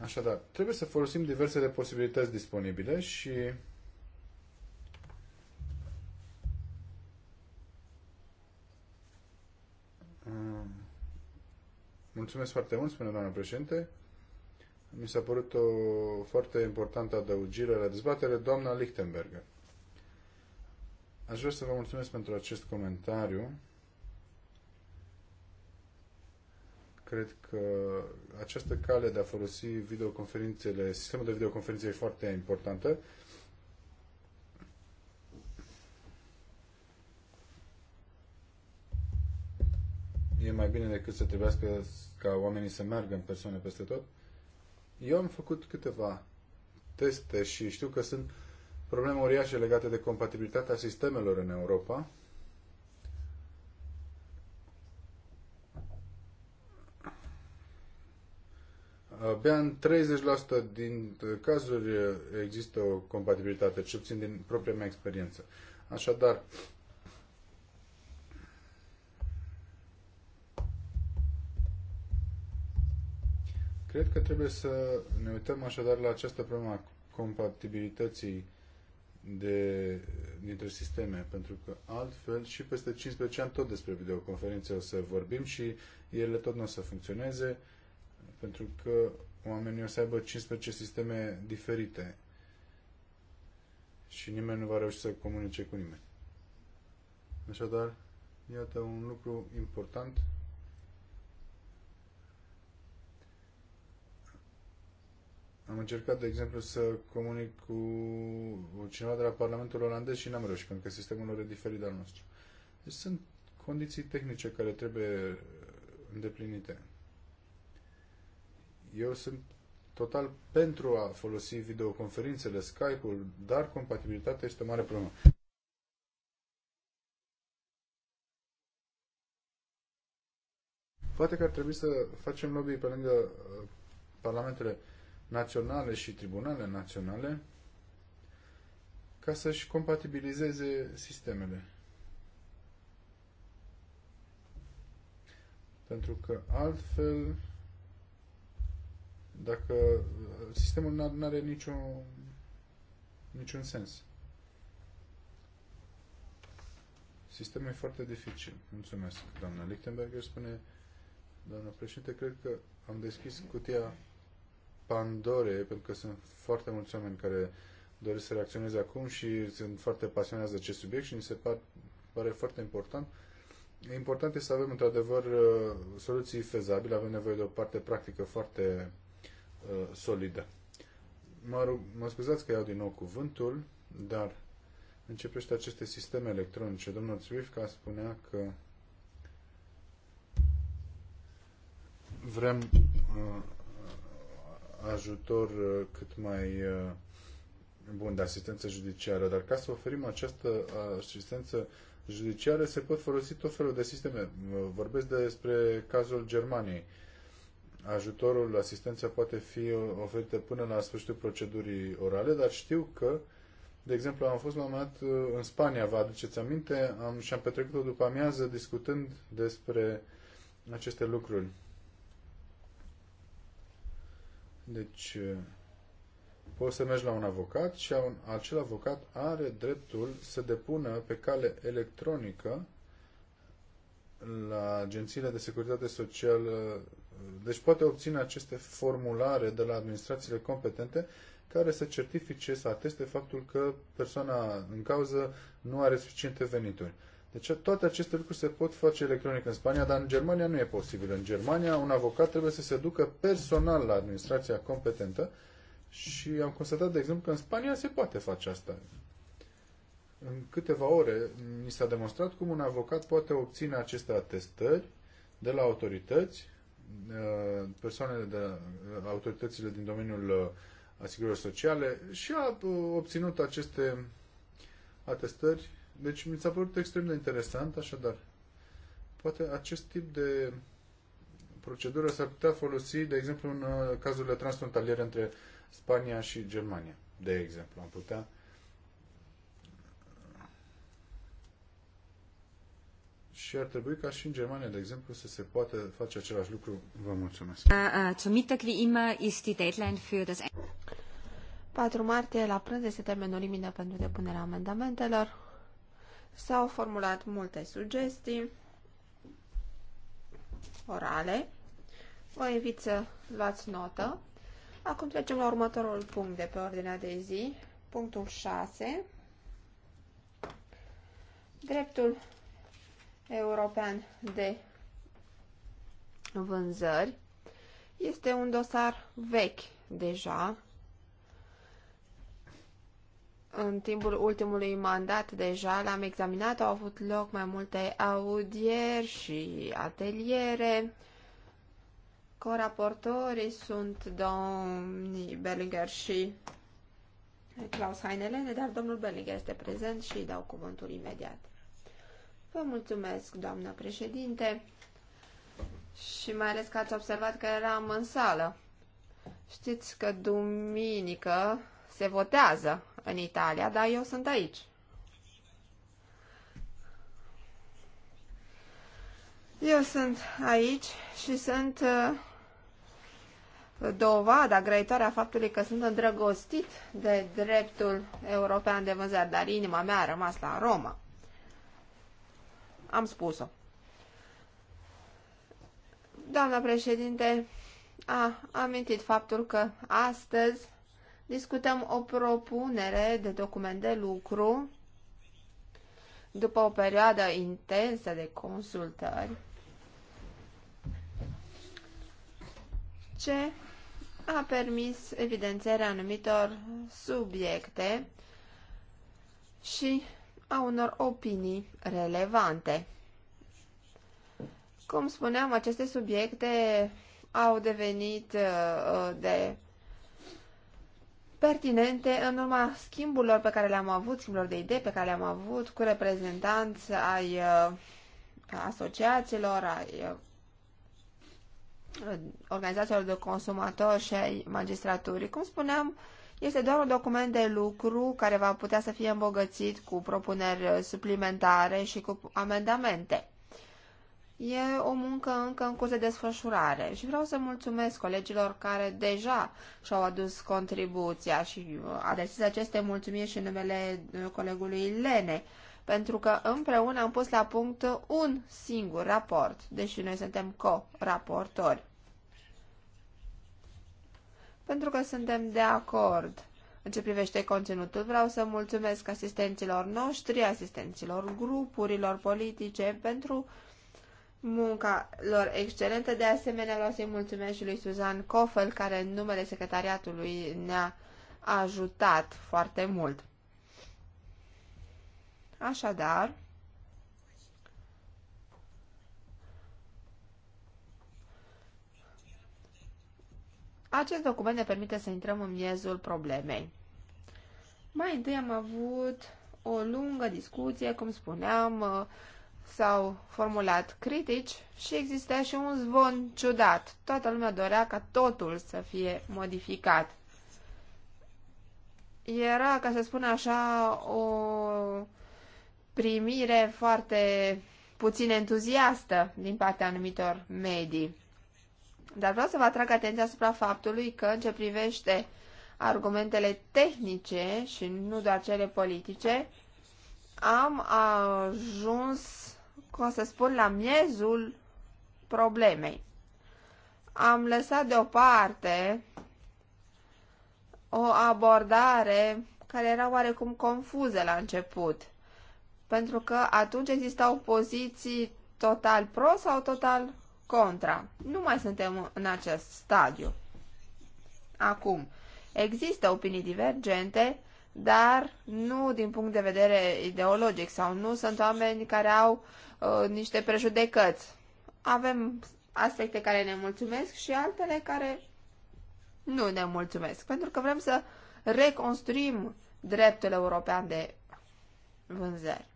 Așadar, trebuie să folosim diversele posibilități disponibile și Mulțumesc foarte mult, spune doamna președinte. Mi s-a părut o foarte importantă adăugire la dezbatere, doamna Lichtenberger. Aș vrea să vă mulțumesc pentru acest comentariu. Cred că această cale de a folosi videoconferințele, sistemul de videoconferințe e foarte importantă e mai bine decât să trebuiască ca oamenii să meargă în persoane peste tot. Eu am făcut câteva teste și știu că sunt probleme uriașe legate de compatibilitatea sistemelor în Europa. Abia în 30% din cazuri există o compatibilitate, cel puțin din propria mea experiență. Așadar, Cred că trebuie să ne uităm așadar la această problemă a compatibilității de, dintre sisteme, pentru că altfel și peste 15 ani tot despre videoconferințe o să vorbim și ele tot nu o să funcționeze, pentru că oamenii o să aibă 15 sisteme diferite și nimeni nu va reuși să comunice cu nimeni. Așadar, iată un lucru important Am încercat, de exemplu, să comunic cu cineva de la Parlamentul olandez și n-am reușit, pentru că sistemul lor e diferit de al nostru. Deci sunt condiții tehnice care trebuie îndeplinite. Eu sunt total pentru a folosi videoconferințele, Skype-ul, dar compatibilitatea este o mare problemă. Poate că ar trebui să facem lobby pe lângă uh, parlamentele naționale și tribunale naționale ca să-și compatibilizeze sistemele. Pentru că altfel, dacă uh, sistemul nu are niciun, niciun sens. Sistemul e foarte dificil. Mulțumesc, doamna Lichtenberger. Spune, doamna președinte, cred că am deschis cutia pandore pentru că sunt foarte mulți oameni care doresc să reacționeze acum și sunt foarte pasionați de acest subiect și mi se par, pare foarte important. Important este să avem, într-adevăr, uh, soluții fezabile, avem nevoie de o parte practică foarte uh, solidă. Mă, rug, mă scuzați că iau din nou cuvântul, dar începește aceste sisteme electronice. Domnul Țuifca spunea că vrem uh, ajutor uh, cât mai uh, bun de asistență judiciară, dar ca să oferim această uh, asistență judiciară se pot folosi tot felul de sisteme. Vorbesc despre cazul Germaniei. Ajutorul, asistența poate fi oferită până la sfârșitul procedurii orale, dar știu că, de exemplu, am fost la un moment dat în Spania, vă aduceți aminte, am, și-am petrecut-o după amiază discutând despre aceste lucruri. Deci eh, poți să mergi la un avocat și acel avocat are dreptul să depună pe cale electronică la agențiile de securitate socială. Deci poate obține aceste formulare de la administrațiile competente care să certifice, să ateste faptul că persoana în cauză nu are suficiente venituri. Deci toate aceste lucruri se pot face electronic în Spania, dar în Germania nu e posibil. În Germania un avocat trebuie să se ducă personal la administrația competentă și am constatat, de exemplu, că în Spania se poate face asta. În câteva ore mi s-a demonstrat cum un avocat poate obține aceste atestări de la autorități, uh, persoanele de uh, autoritățile din domeniul uh, asigurării sociale și a obținut aceste atestări deci mi s-a părut extrem de interesant, așadar. Poate acest tip de procedură s-ar putea folosi, de exemplu, în uh, cazurile transfrontaliere între Spania și Germania. De exemplu, am putea și ar trebui ca și în Germania, de exemplu, să se poată face același lucru. Vă mulțumesc. Uh, uh, Zum Mittag, wie immer, ist die Deadline für das... 4 martie, la prânz, este termenul limită pentru depunerea amendamentelor. S-au formulat multe sugestii orale. Vă invit să luați notă. Acum trecem la următorul punct de pe ordinea de zi, punctul 6. Dreptul european de vânzări este un dosar vechi deja, în timpul ultimului mandat deja l-am examinat, au avut loc mai multe audieri și ateliere. Coraportorii sunt domnii Bellinger și Klaus Heinelene, dar domnul Bellinger este prezent și îi dau cuvântul imediat. Vă mulțumesc, doamnă președinte, și mai ales că ați observat că eram în sală. Știți că duminică se votează în Italia, dar eu sunt aici. Eu sunt aici și sunt uh, dovada grăitoare a faptului că sunt îndrăgostit de dreptul european de vânzare, dar inima mea a rămas la Roma. Am spus-o. Doamna președinte a amintit faptul că astăzi discutăm o propunere de document de lucru după o perioadă intensă de consultări ce a permis evidențierea anumitor subiecte și a unor opinii relevante. Cum spuneam, aceste subiecte au devenit uh, de pertinente în urma schimburilor pe care le-am avut, schimburilor de idei pe care le-am avut cu reprezentanți ai uh, asociațiilor, ai uh, organizațiilor de consumatori și ai magistraturii. Cum spuneam, este doar un document de lucru care va putea să fie îmbogățit cu propuneri suplimentare și cu amendamente. E o muncă încă în curs de desfășurare și vreau să mulțumesc colegilor care deja și-au adus contribuția și uh, adresez aceste mulțumiri și numele uh, colegului Lene, pentru că împreună am pus la punct un singur raport, deși noi suntem co-raportori. Pentru că suntem de acord în ce privește conținutul, vreau să mulțumesc asistenților noștri, asistenților grupurilor politice pentru munca lor excelentă. De asemenea, vreau să-i mulțumesc și lui Suzan Kofel, care în numele secretariatului ne-a ajutat foarte mult. Așadar, acest document ne permite să intrăm în miezul problemei. Mai întâi am avut o lungă discuție, cum spuneam, s-au formulat critici și exista și un zvon ciudat. Toată lumea dorea ca totul să fie modificat. Era, ca să spun așa, o primire foarte puțin entuziastă din partea anumitor medii. Dar vreau să vă atrag atenția asupra faptului că, în ce privește argumentele tehnice și nu doar cele politice, am ajuns cum să spun, la miezul problemei. Am lăsat deoparte o abordare care era oarecum confuză la început, pentru că atunci existau poziții total pro sau total contra. Nu mai suntem în acest stadiu. Acum, există opinii divergente dar nu din punct de vedere ideologic sau nu sunt oameni care au uh, niște prejudecăți. Avem aspecte care ne mulțumesc și altele care nu ne mulțumesc, pentru că vrem să reconstruim dreptul european de vânzări.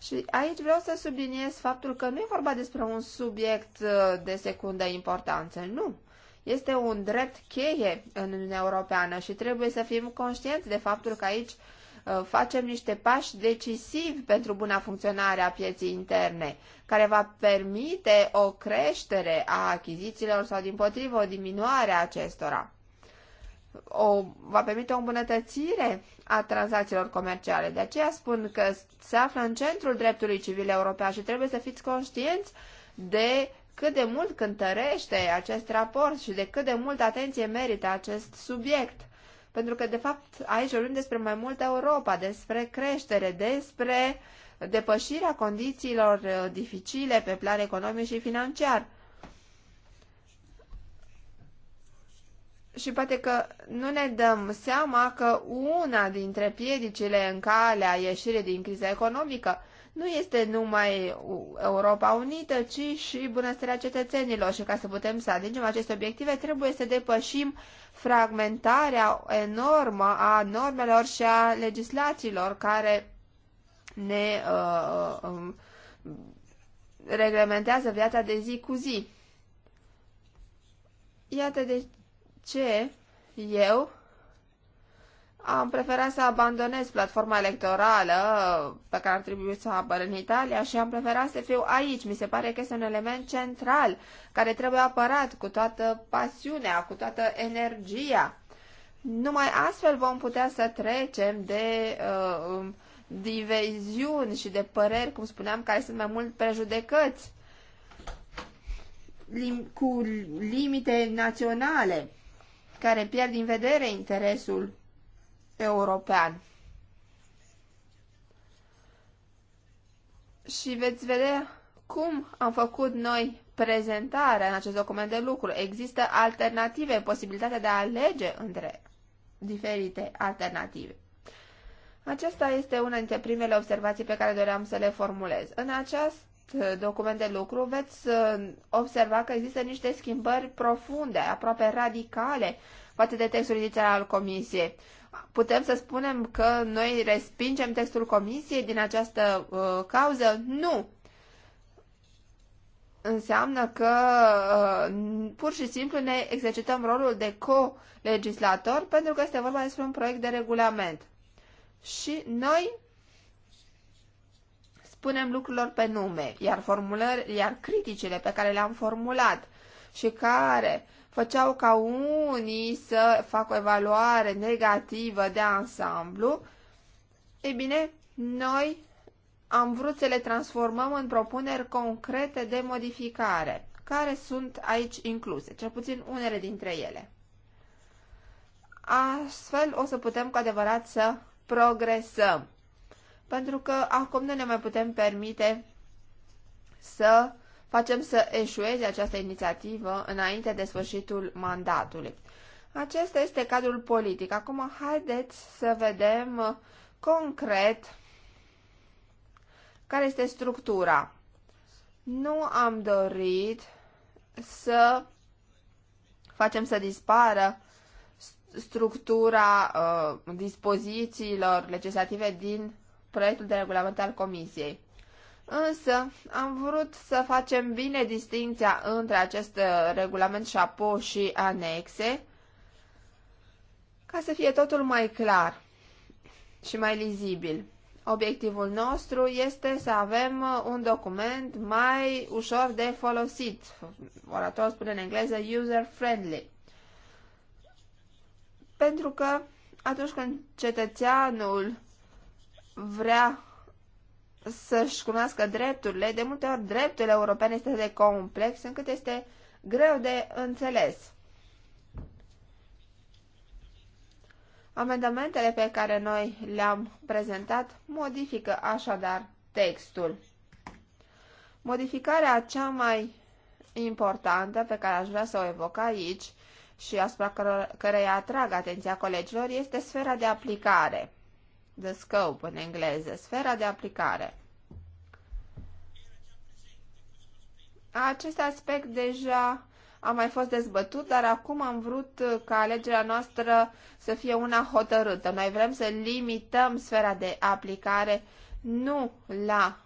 Și aici vreau să subliniez faptul că nu e vorba despre un subiect uh, de secundă importanță, nu este un drept cheie în Uniunea Europeană și trebuie să fim conștienți de faptul că aici uh, facem niște pași decisivi pentru buna funcționare a pieții interne, care va permite o creștere a achizițiilor sau, din potrivă, o diminuare a acestora. O, va permite o îmbunătățire a tranzacțiilor comerciale. De aceea spun că se află în centrul dreptului civil european și trebuie să fiți conștienți de cât de mult cântărește acest raport și de cât de mult atenție merită acest subiect. Pentru că, de fapt, aici vorbim despre mai multă Europa, despre creștere, despre depășirea condițiilor uh, dificile pe plan economic și financiar. și poate că nu ne dăm seama că una dintre piedicile în calea ieșirii din criza economică nu este numai Europa Unită, ci și bunăstarea cetățenilor și ca să putem să atingem aceste obiective trebuie să depășim fragmentarea enormă a normelor și a legislațiilor care ne uh, uh, um, reglementează viața de zi cu zi. Iată de ce eu am preferat să abandonez platforma electorală pe care ar trebui să o apăr în Italia și am preferat să fiu aici. Mi se pare că este un element central care trebuie apărat cu toată pasiunea, cu toată energia. Numai astfel vom putea să trecem de uh, um, diveziuni și de păreri, cum spuneam, care sunt mai mult prejudecăți lim- cu limite naționale care pierd din vedere interesul european. Și veți vedea cum am făcut noi prezentarea în acest document de lucru. Există alternative, posibilitatea de a alege între diferite alternative. Aceasta este una dintre primele observații pe care doream să le formulez. În acest document de lucru veți uh, observa că există niște schimbări profunde, aproape radicale, față de textul inițial al Comisiei putem să spunem că noi respingem textul comisiei din această uh, cauză? Nu! Înseamnă că uh, pur și simplu ne exercităm rolul de co-legislator pentru că este vorba despre un proiect de regulament. Și noi spunem lucrurilor pe nume, iar, iar criticile pe care le-am formulat și care uh, făceau ca unii să facă o evaluare negativă de ansamblu, ei bine, noi am vrut să le transformăm în propuneri concrete de modificare, care sunt aici incluse, cel puțin unele dintre ele. Astfel o să putem cu adevărat să progresăm, pentru că acum nu ne mai putem permite să facem să eșueze această inițiativă înainte de sfârșitul mandatului. Acesta este cadrul politic. Acum haideți să vedem uh, concret care este structura. Nu am dorit să facem să dispară structura uh, dispozițiilor legislative din proiectul de regulament al Comisiei. Însă am vrut să facem bine distinția între acest uh, regulament șapo și anexe, ca să fie totul mai clar și mai lizibil. Obiectivul nostru este să avem uh, un document mai ușor de folosit. Oratorul spune în engleză user-friendly. Pentru că atunci când cetățeanul vrea să-și cunoască drepturile. De multe ori drepturile europene este de complex încât este greu de înțeles. Amendamentele pe care noi le-am prezentat modifică așadar textul. Modificarea cea mai importantă pe care aș vrea să o evoc aici și asupra căreia atrag atenția colegilor este sfera de aplicare the scope în engleză, sfera de aplicare. Acest aspect deja a mai fost dezbătut, dar acum am vrut ca alegerea noastră să fie una hotărâtă. Noi vrem să limităm sfera de aplicare nu la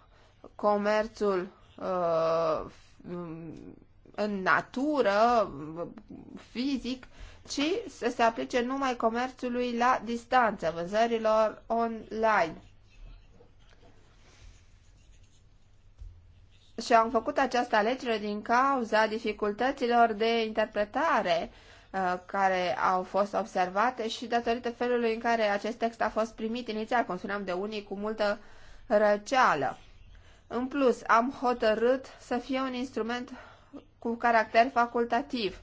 comerțul uh, în natură, fizic, ci să se aplice numai comerțului la distanță, vânzărilor online. Și am făcut această alegere din cauza dificultăților de interpretare uh, care au fost observate și datorită felului în care acest text a fost primit inițial, cum spuneam, de unii cu multă răceală. În plus, am hotărât să fie un instrument cu caracter facultativ,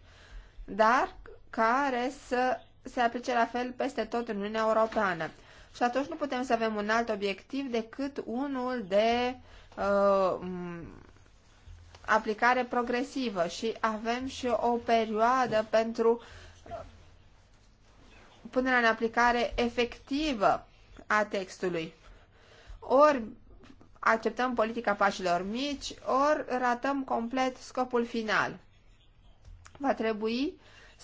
dar care să se aplice la fel peste tot în Uniunea Europeană. Și atunci nu putem să avem un alt obiectiv decât unul de uh, aplicare progresivă și avem și o perioadă pentru punerea în aplicare efectivă a textului. Ori acceptăm politica pașilor mici, ori ratăm complet scopul final. Va trebui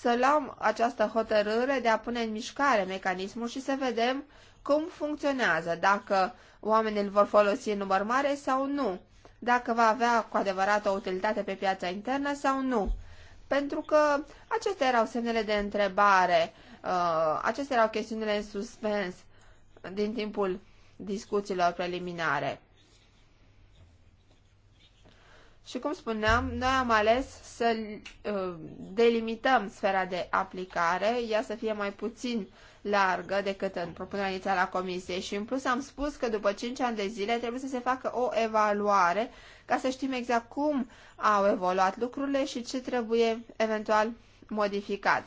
să luăm această hotărâre de a pune în mișcare mecanismul și să vedem cum funcționează, dacă oamenii îl vor folosi în număr mare sau nu, dacă va avea cu adevărat o utilitate pe piața internă sau nu. Pentru că acestea erau semnele de întrebare, uh, acestea erau chestiunile în suspens din timpul discuțiilor preliminare. Și cum spuneam, noi am ales să uh, delimităm sfera de aplicare, ea să fie mai puțin largă decât în propunerea inițială a comisiei și în plus am spus că după 5 ani de zile trebuie să se facă o evaluare ca să știm exact cum au evoluat lucrurile și ce trebuie eventual modificat.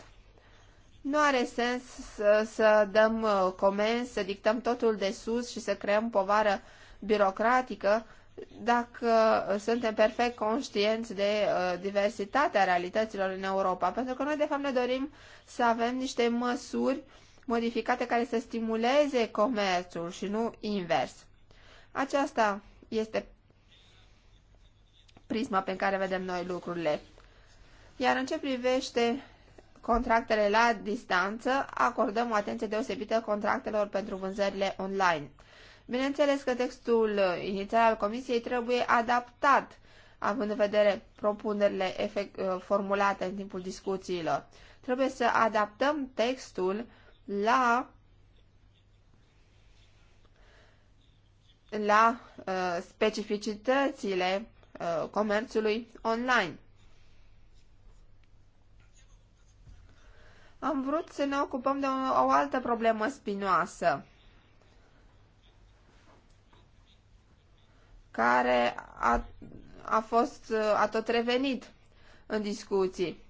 Nu are sens să, să dăm uh, comenzi, să dictăm totul de sus și să creăm povară birocratică dacă suntem perfect conștienți de uh, diversitatea realităților în Europa, pentru că noi, de fapt, ne dorim să avem niște măsuri modificate care să stimuleze comerțul și nu invers. Aceasta este prisma pe care vedem noi lucrurile. Iar în ce privește contractele la distanță, acordăm o atenție deosebită contractelor pentru vânzările online. Bineînțeles că textul uh, inițial al Comisiei trebuie adaptat, având în vedere propunerile efect, uh, formulate în timpul discuțiilor. Trebuie să adaptăm textul la la uh, specificitățile uh, comerțului online. Am vrut să ne ocupăm de o, o altă problemă spinoasă. care a, a fost a tot revenit în discuții.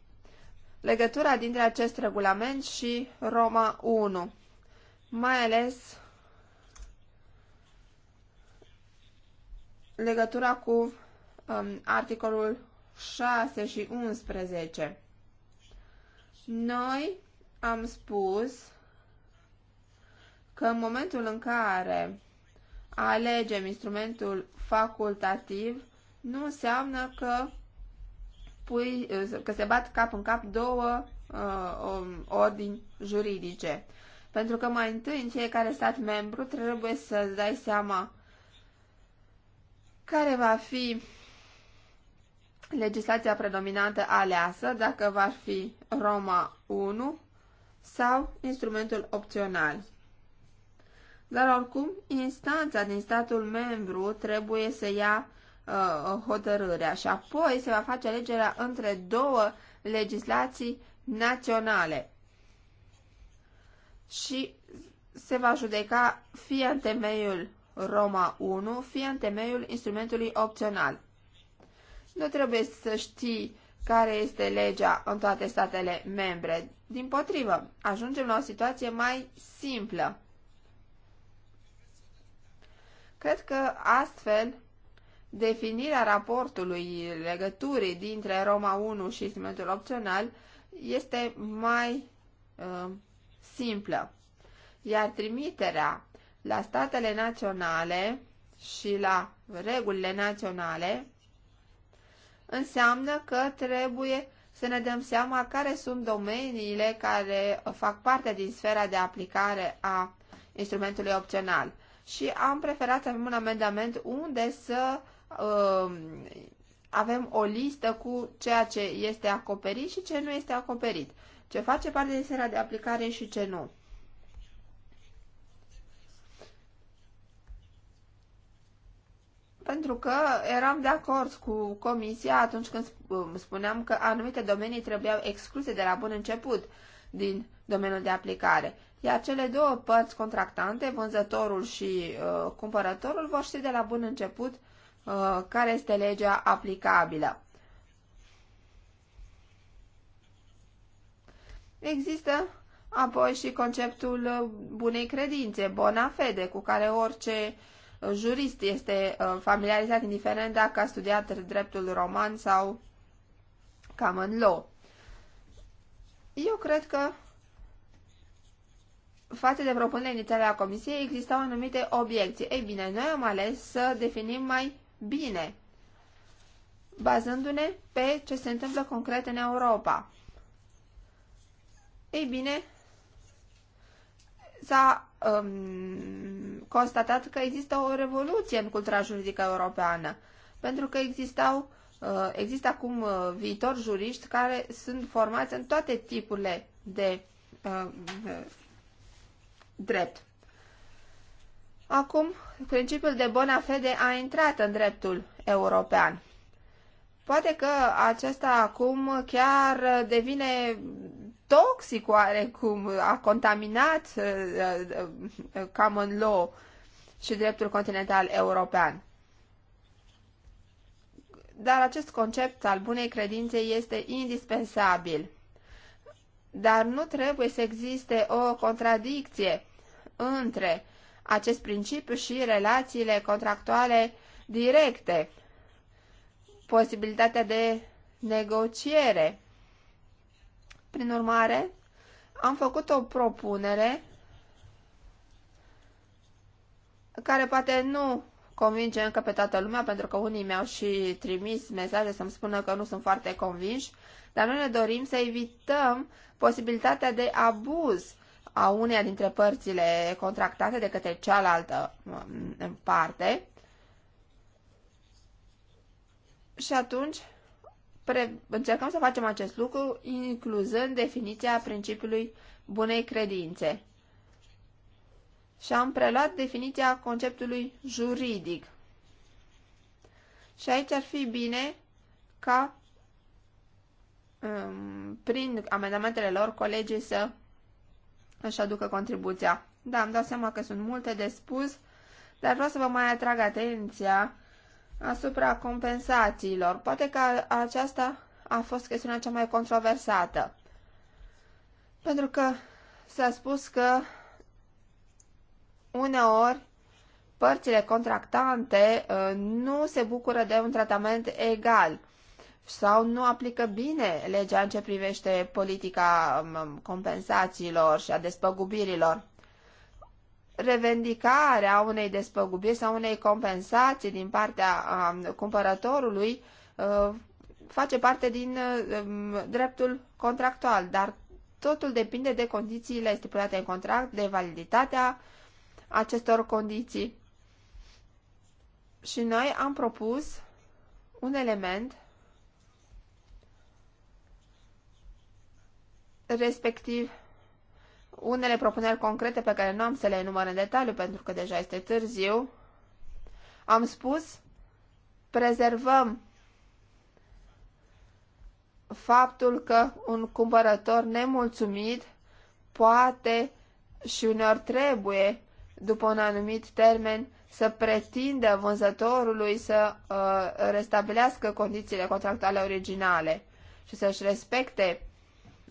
Legătura dintre acest regulament și Roma 1, mai ales legătura cu um, articolul 6 și 11. Noi am spus că în momentul în care alegem instrumentul facultativ, nu înseamnă că, pui, că se bat cap în cap două uh, ordini juridice. Pentru că mai întâi în fiecare stat membru trebuie să-ți dai seama care va fi legislația predominantă aleasă, dacă va fi Roma 1 sau instrumentul opțional. Dar oricum, instanța din statul membru trebuie să ia uh, hotărârea și apoi se va face alegerea între două legislații naționale. Și se va judeca fie în temeiul Roma 1, fie în temeiul instrumentului opțional. Nu trebuie să știi care este legea în toate statele membre. Din potrivă, ajungem la o situație mai simplă. Cred că astfel definirea raportului legăturii dintre Roma 1 și instrumentul opțional este mai uh, simplă. Iar trimiterea la statele naționale și la regulile naționale înseamnă că trebuie să ne dăm seama care sunt domeniile care fac parte din sfera de aplicare a instrumentului opțional și am preferat să avem un amendament unde să uh, avem o listă cu ceea ce este acoperit și ce nu este acoperit, ce face parte din sfera de aplicare și ce nu. Pentru că eram de acord cu comisia atunci când um, spuneam că anumite domenii trebuiau excluse de la bun început din domeniul de aplicare iar cele două părți contractante, vânzătorul și uh, cumpărătorul, vor ști de la bun început uh, care este legea aplicabilă. Există apoi și conceptul uh, bunei credințe, bona fede, cu care orice uh, jurist este uh, familiarizat, indiferent dacă a studiat dreptul roman sau common law. Eu cred că față de propunerea inițială a Comisiei existau anumite obiecții. Ei bine, noi am ales să definim mai bine, bazându-ne pe ce se întâmplă concret în Europa. Ei bine, s-a um, constatat că există o revoluție în cultura juridică europeană, pentru că existau, uh, există acum uh, viitori juriști care sunt formați în toate tipurile de uh, drept. Acum, principiul de bona fede a intrat în dreptul european. Poate că acesta acum chiar devine toxic oarecum, a contaminat uh, uh, uh common law și dreptul continental european. Dar acest concept al bunei credințe este indispensabil. Dar nu trebuie să existe o contradicție între acest principiu și relațiile contractuale directe, posibilitatea de negociere. Prin urmare, am făcut o propunere care poate nu convinge încă pe toată lumea, pentru că unii mi-au și trimis mesaje să-mi spună că nu sunt foarte convinși, dar noi ne dorim să evităm posibilitatea de abuz a uneia dintre părțile contractate de către cealaltă parte. Și atunci pre- încercăm să facem acest lucru incluzând definiția principiului bunei credințe. Și am preluat definiția conceptului juridic. Și aici ar fi bine ca um, prin amendamentele lor colegii să își aducă contribuția. Da, îmi dau seama că sunt multe de spus, dar vreau să vă mai atrag atenția asupra compensațiilor. Poate că aceasta a fost chestiunea cea mai controversată. Pentru că s-a spus că uneori părțile contractante uh, nu se bucură de un tratament egal sau nu aplică bine legea în ce privește politica um, um, compensațiilor și a despăgubirilor. Revendicarea unei despăgubiri sau unei compensații din partea um, cumpărătorului uh, face parte din uh, dreptul contractual, dar totul depinde de condițiile stipulate în contract, de validitatea acestor condiții. Și noi am propus un element respectiv unele propuneri concrete pe care nu am să le enumăr în detaliu pentru că deja este târziu, am spus, prezervăm faptul că un cumpărător nemulțumit poate și uneori trebuie, după un anumit termen, să pretindă vânzătorului să uh, restabilească condițiile contractuale originale și să-și respecte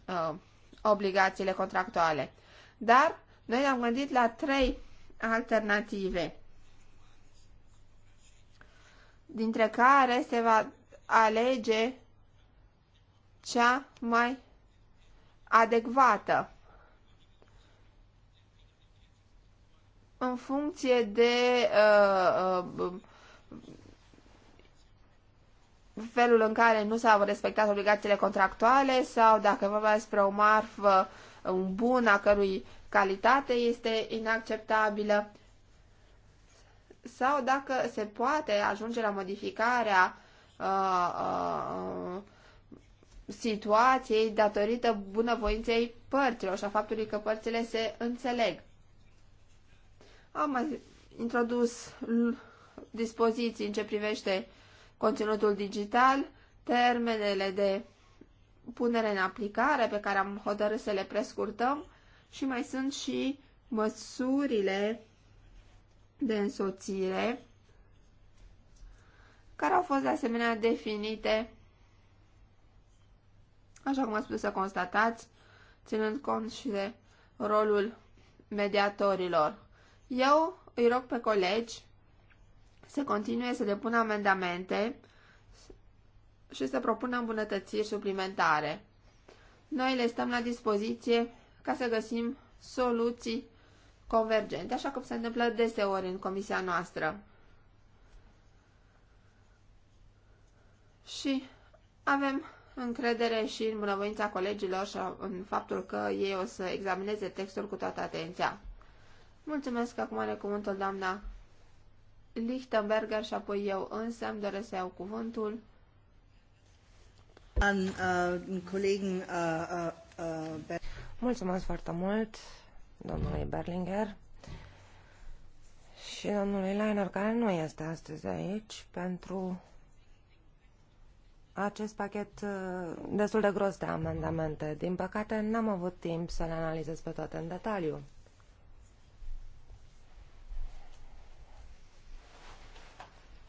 uh, obligațiile contractuale. Dar noi am gândit la trei alternative, dintre care se va alege cea mai adecvată în funcție de uh, uh, felul în care nu s-au respectat obligațiile contractuale sau dacă vorba despre o marfă, un bun a cărui calitate este inacceptabilă sau dacă se poate ajunge la modificarea uh, uh, situației datorită bunăvoinței părților și a faptului că părțile se înțeleg. Am introdus dispoziții în ce privește conținutul digital, termenele de punere în aplicare pe care am hotărât să le prescurtăm și mai sunt și măsurile de însoțire care au fost de asemenea definite, așa cum ați putut să constatați, ținând cont și de rolul mediatorilor. Eu îi rog pe colegi să continue să depună amendamente și să propună îmbunătățiri suplimentare. Noi le stăm la dispoziție ca să găsim soluții convergente, așa cum se întâmplă deseori în comisia noastră. Și avem încredere și în bunăvoința colegilor și în faptul că ei o să examineze textul cu toată atenția. Mulțumesc că acum are cuvântul doamna Lichtenberger și apoi eu însă îmi doresc să iau cuvântul. An, uh, colegen, uh, uh, uh Mulțumesc foarte mult, domnului Berlinger și domnului Leiner, care nu este astăzi aici, pentru acest pachet uh, destul de gros de amendamente. Din păcate, n-am avut timp să le analizez pe toate în detaliu.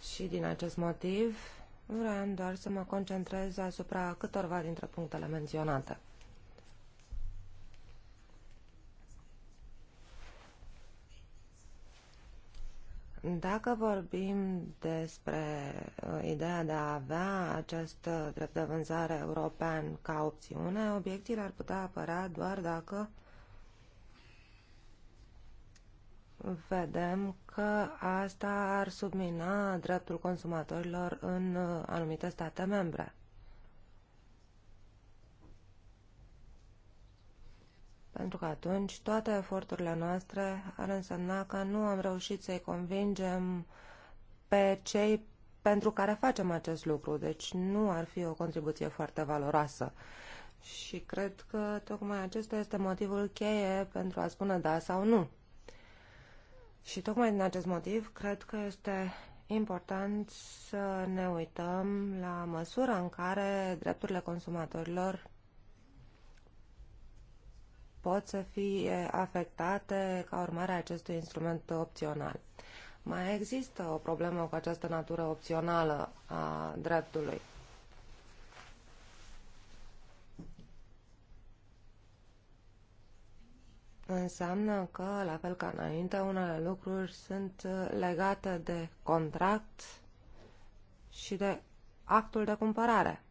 și din acest motiv vreau doar să mă concentrez asupra câtorva dintre punctele menționate. Dacă vorbim despre uh, ideea de a avea acest uh, drept de vânzare european ca opțiune, obiectiile ar putea apărea doar dacă uh, vedem că asta ar submina dreptul consumatorilor în uh, anumite state membre. Pentru că atunci toate eforturile noastre ar însemna că nu am reușit să-i convingem pe cei pentru care facem acest lucru, deci nu ar fi o contribuție foarte valoroasă. Și cred că tocmai acesta este motivul cheie pentru a spune da sau nu. Și tocmai din acest motiv, cred că este important să ne uităm la măsura în care drepturile consumatorilor pot să fie afectate ca urmare a acestui instrument opțional. Mai există o problemă cu această natură opțională a dreptului. înseamnă că, la fel ca înainte, unele lucruri sunt uh, legate de contract și de actul de cumpărare.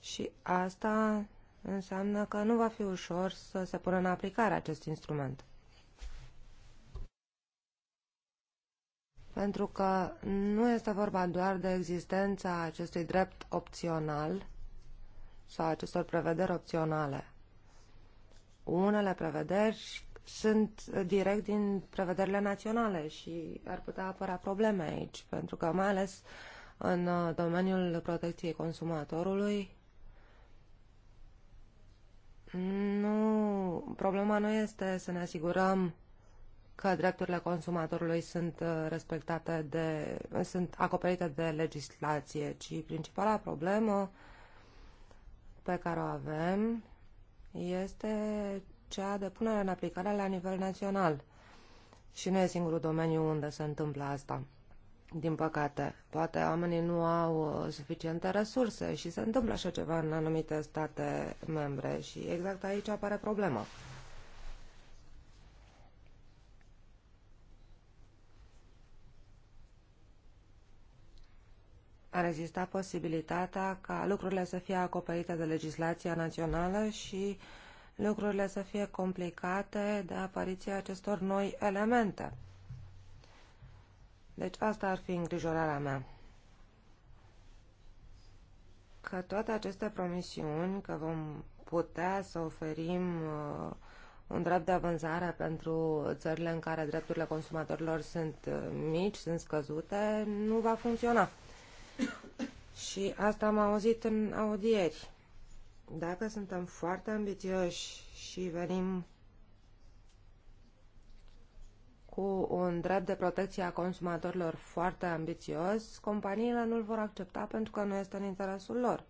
Și asta înseamnă că nu va fi ușor să se pună în aplicare acest instrument. Pentru că nu este vorba doar de existența acestui drept opțional sau acestor prevederi opționale, unele prevederi sunt direct din prevederile naționale și ar putea apăra probleme aici, pentru că mai ales în uh, domeniul protecției consumatorului nu, problema nu este să ne asigurăm că drepturile consumatorului sunt uh, respectate de, sunt acoperite de legislație, ci principala problemă pe care o avem este cea de punere în aplicare la nivel național. Și nu e singurul domeniu unde se întâmplă asta. Din păcate, poate oamenii nu au uh, suficiente resurse și se întâmplă așa ceva în anumite state membre și exact aici apare problema. ar exista posibilitatea ca lucrurile să fie acoperite de legislația națională și lucrurile să fie complicate de apariția acestor noi elemente. Deci asta ar fi îngrijorarea mea. Că toate aceste promisiuni, că vom putea să oferim uh, un drept de avanzare pentru țările în care drepturile consumatorilor sunt uh, mici, sunt scăzute, nu va funcționa. Și asta am auzit în audieri. Dacă suntem foarte ambițioși și venim cu un drept de protecție a consumatorilor foarte ambițios, companiile nu-l vor accepta pentru că nu este în interesul lor.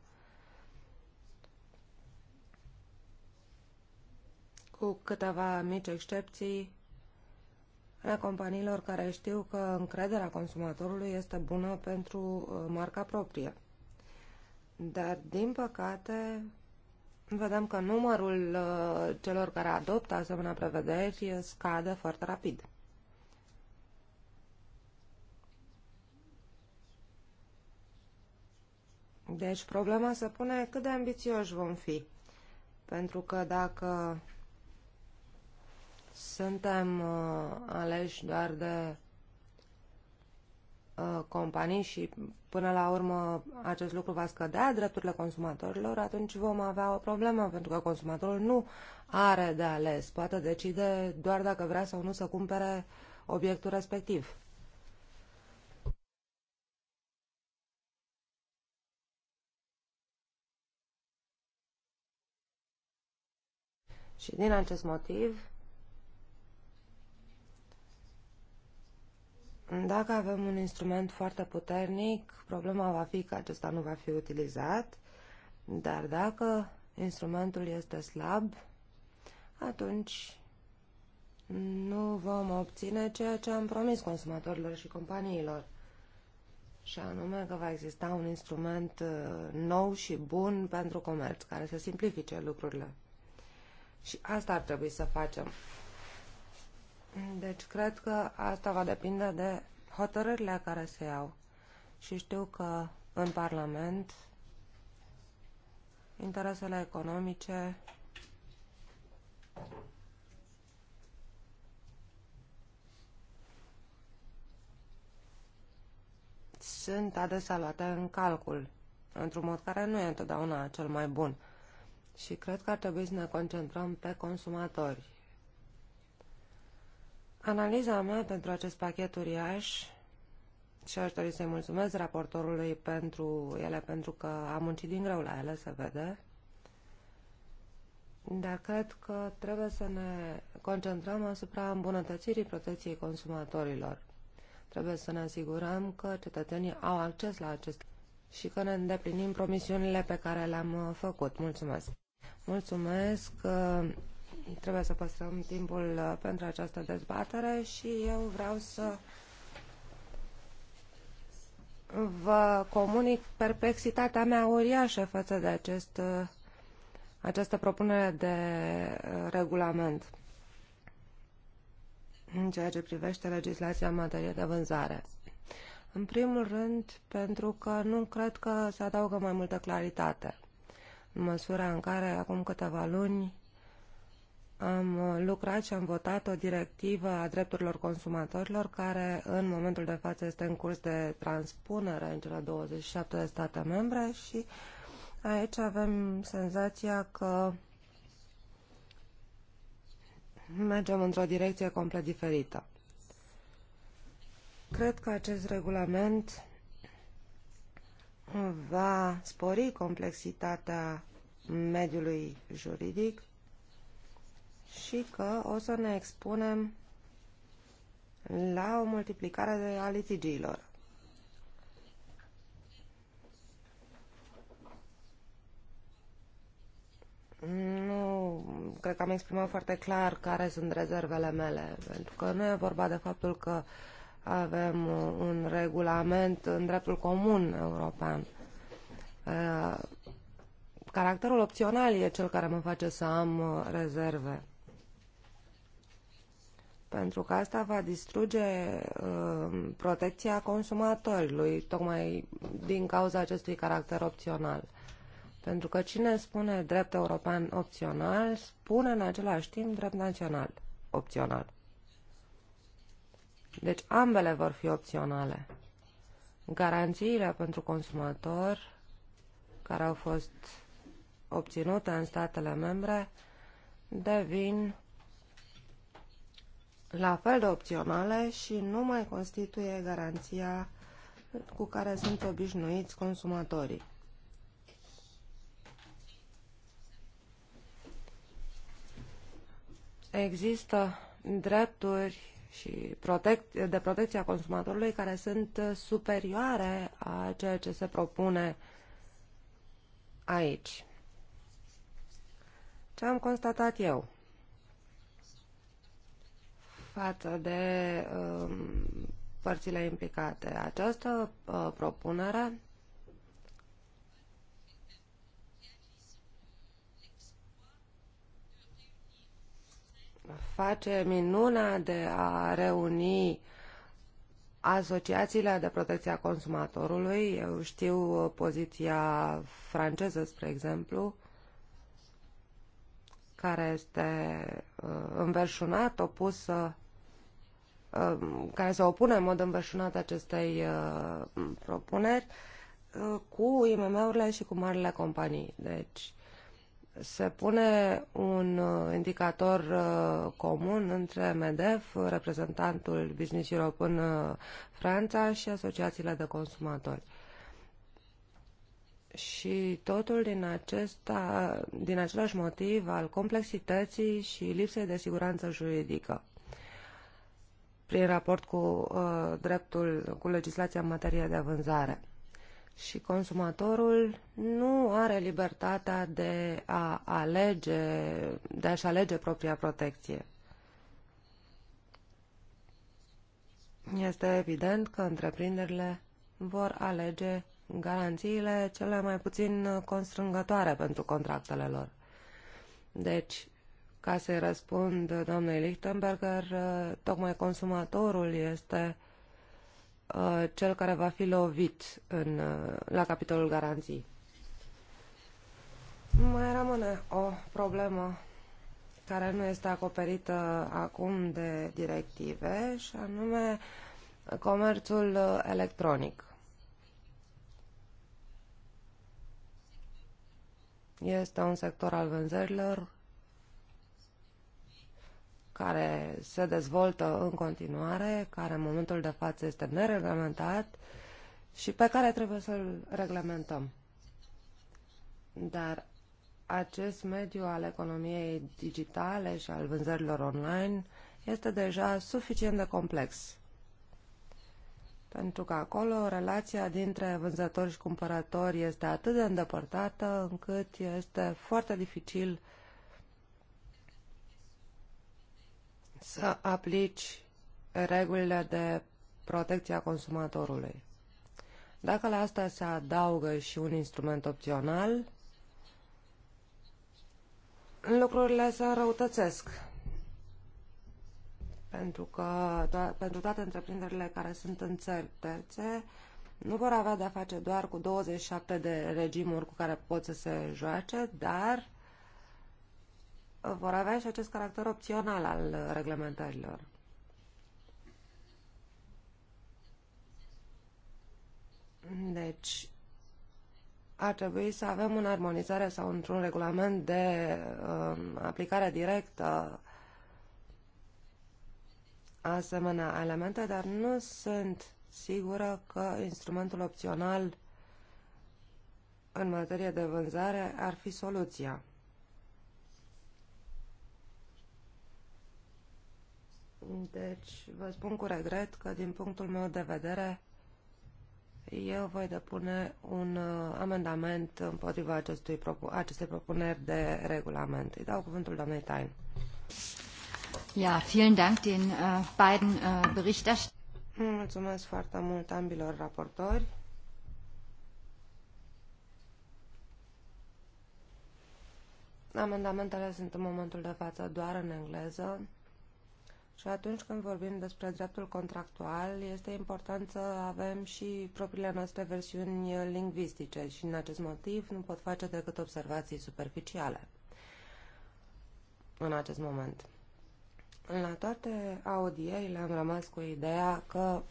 Cu câteva mici excepții, ale companiilor care știu că încrederea consumatorului este bună pentru uh, marca proprie. Dar, din păcate, vedem că numărul uh, celor care adoptă asemenea prevederi scade foarte rapid. Deci problema se pune cât de ambițioși vom fi. Pentru că dacă suntem uh, aleși doar de uh, companii și până la urmă acest lucru va scădea drepturile consumatorilor, atunci vom avea o problemă, pentru că consumatorul nu are de ales. Poate decide doar dacă vrea sau nu să cumpere obiectul respectiv. Și din acest motiv Dacă avem un instrument foarte puternic, problema va fi că acesta nu va fi utilizat, dar dacă instrumentul este slab, atunci nu vom obține ceea ce am promis consumatorilor și companiilor, și anume că va exista un instrument uh, nou și bun pentru comerț, care să simplifice lucrurile. Și asta ar trebui să facem. Deci cred că asta va depinde de hotărârile care se iau. Și știu că în Parlament interesele economice sunt adesea luate în calcul, într-un mod care nu e întotdeauna cel mai bun. Și cred că ar trebui să ne concentrăm pe consumatori Analiza mea pentru acest pachet uriaș și aș dori să-i mulțumesc raportorului pentru ele, pentru că a muncit din greu la ele, se vede. Dar cred că trebuie să ne concentrăm asupra îmbunătățirii protecției consumatorilor. Trebuie să ne asigurăm că cetățenii au acces la acest și că ne îndeplinim promisiunile pe care le-am făcut. Mulțumesc! Mulțumesc! Uh, trebuie să păstrăm timpul uh, pentru această dezbatere și eu vreau să vă comunic perplexitatea mea uriașă față de acest, uh, această propunere de uh, regulament în ceea ce privește legislația în materie de vânzare. În primul rând, pentru că nu cred că se adaugă mai multă claritate, în măsura în care acum câteva luni am uh, lucrat și am votat o directivă a drepturilor consumatorilor care în momentul de față este în curs de transpunere în cele 27 de state membre și aici avem senzația că mergem într-o direcție complet diferită. Cred că acest regulament va spori complexitatea mediului juridic și că o să ne expunem la o multiplicare a litigiilor. Nu, cred că am exprimat foarte clar care sunt rezervele mele, pentru că nu e vorba de faptul că avem un regulament în dreptul comun european. Uh, caracterul opțional e cel care mă face să am uh, rezerve pentru că asta va distruge uh, protecția consumatorului, tocmai din cauza acestui caracter opțional. Pentru că cine spune drept european opțional, spune în același timp drept național opțional. Deci ambele vor fi opționale. Garanțiile pentru consumator care au fost obținute în statele membre devin la fel de opționale și nu mai constituie garanția cu care sunt obișnuiți consumatorii. Există drepturi și protec de protecție a consumatorului care sunt superioare a ceea ce se propune aici. Ce am constatat eu? față de um, părțile implicate. Această uh, propunere face minuna de a reuni asociațiile de protecție a consumatorului. Eu știu uh, poziția franceză, spre exemplu, care este uh, înverșunat, opusă Um, care se opune în mod înverșunat acestei uh, propuneri uh, cu IMM-urile și cu marile companii. Deci se pune un uh, indicator comun între MEDEF, reprezentantul Business Europe în Franța și asociațiile de consumatori. Și totul din, acesta, din același motiv al complexității și lipsei de siguranță juridică prin raport cu uh, dreptul, cu legislația în materie de vânzare. Și consumatorul nu are libertatea de a alege, de a-și alege propria protecție. Este evident că întreprinderile vor alege garanțiile cele mai puțin constrângătoare pentru contractele lor. Deci, ca să-i răspund domnului Lichtenberger, tocmai consumatorul este uh, cel care va fi lovit în, uh, la capitolul garanții. Mai rămâne o problemă care nu este acoperită acum de directive și anume comerțul uh, electronic. Este un sector al vânzărilor care se dezvoltă în continuare, care în momentul de față este nereglementat și pe care trebuie să-l reglementăm. Dar acest mediu al economiei digitale și al vânzărilor online este deja suficient de complex. Pentru că acolo relația dintre vânzători și cumpărători este atât de îndepărtată încât este foarte dificil să aplici regulile de protecție a consumatorului. Dacă la asta se adaugă și un instrument opțional, lucrurile se înrăutățesc. Pentru că to- pentru toate întreprinderile care sunt în țări terțe, nu vor avea de-a face doar cu 27 de regimuri cu care pot să se joace, dar vor avea și acest caracter opțional al reglementărilor. Deci, ar trebui să avem în armonizare sau într-un regulament de uh, aplicare directă asemenea elemente, dar nu sunt sigură că instrumentul opțional în materie de vânzare ar fi soluția. Deci, vă spun cu regret că, din punctul meu de vedere, eu voi depune un uh, amendament împotriva acestui, acestei propuneri de regulament. Îi dau cuvântul doamnei Tain. Ja, vielen Dank den uh, beiden uh, Berichterstattern. Mulțumesc foarte mult ambilor raportori. Amendamentele sunt în momentul de față doar în engleză. Și atunci când vorbim despre dreptul contractual, este important să avem și propriile noastre versiuni lingvistice și în acest motiv nu pot face decât observații superficiale în acest moment. La toate audierile am rămas cu ideea că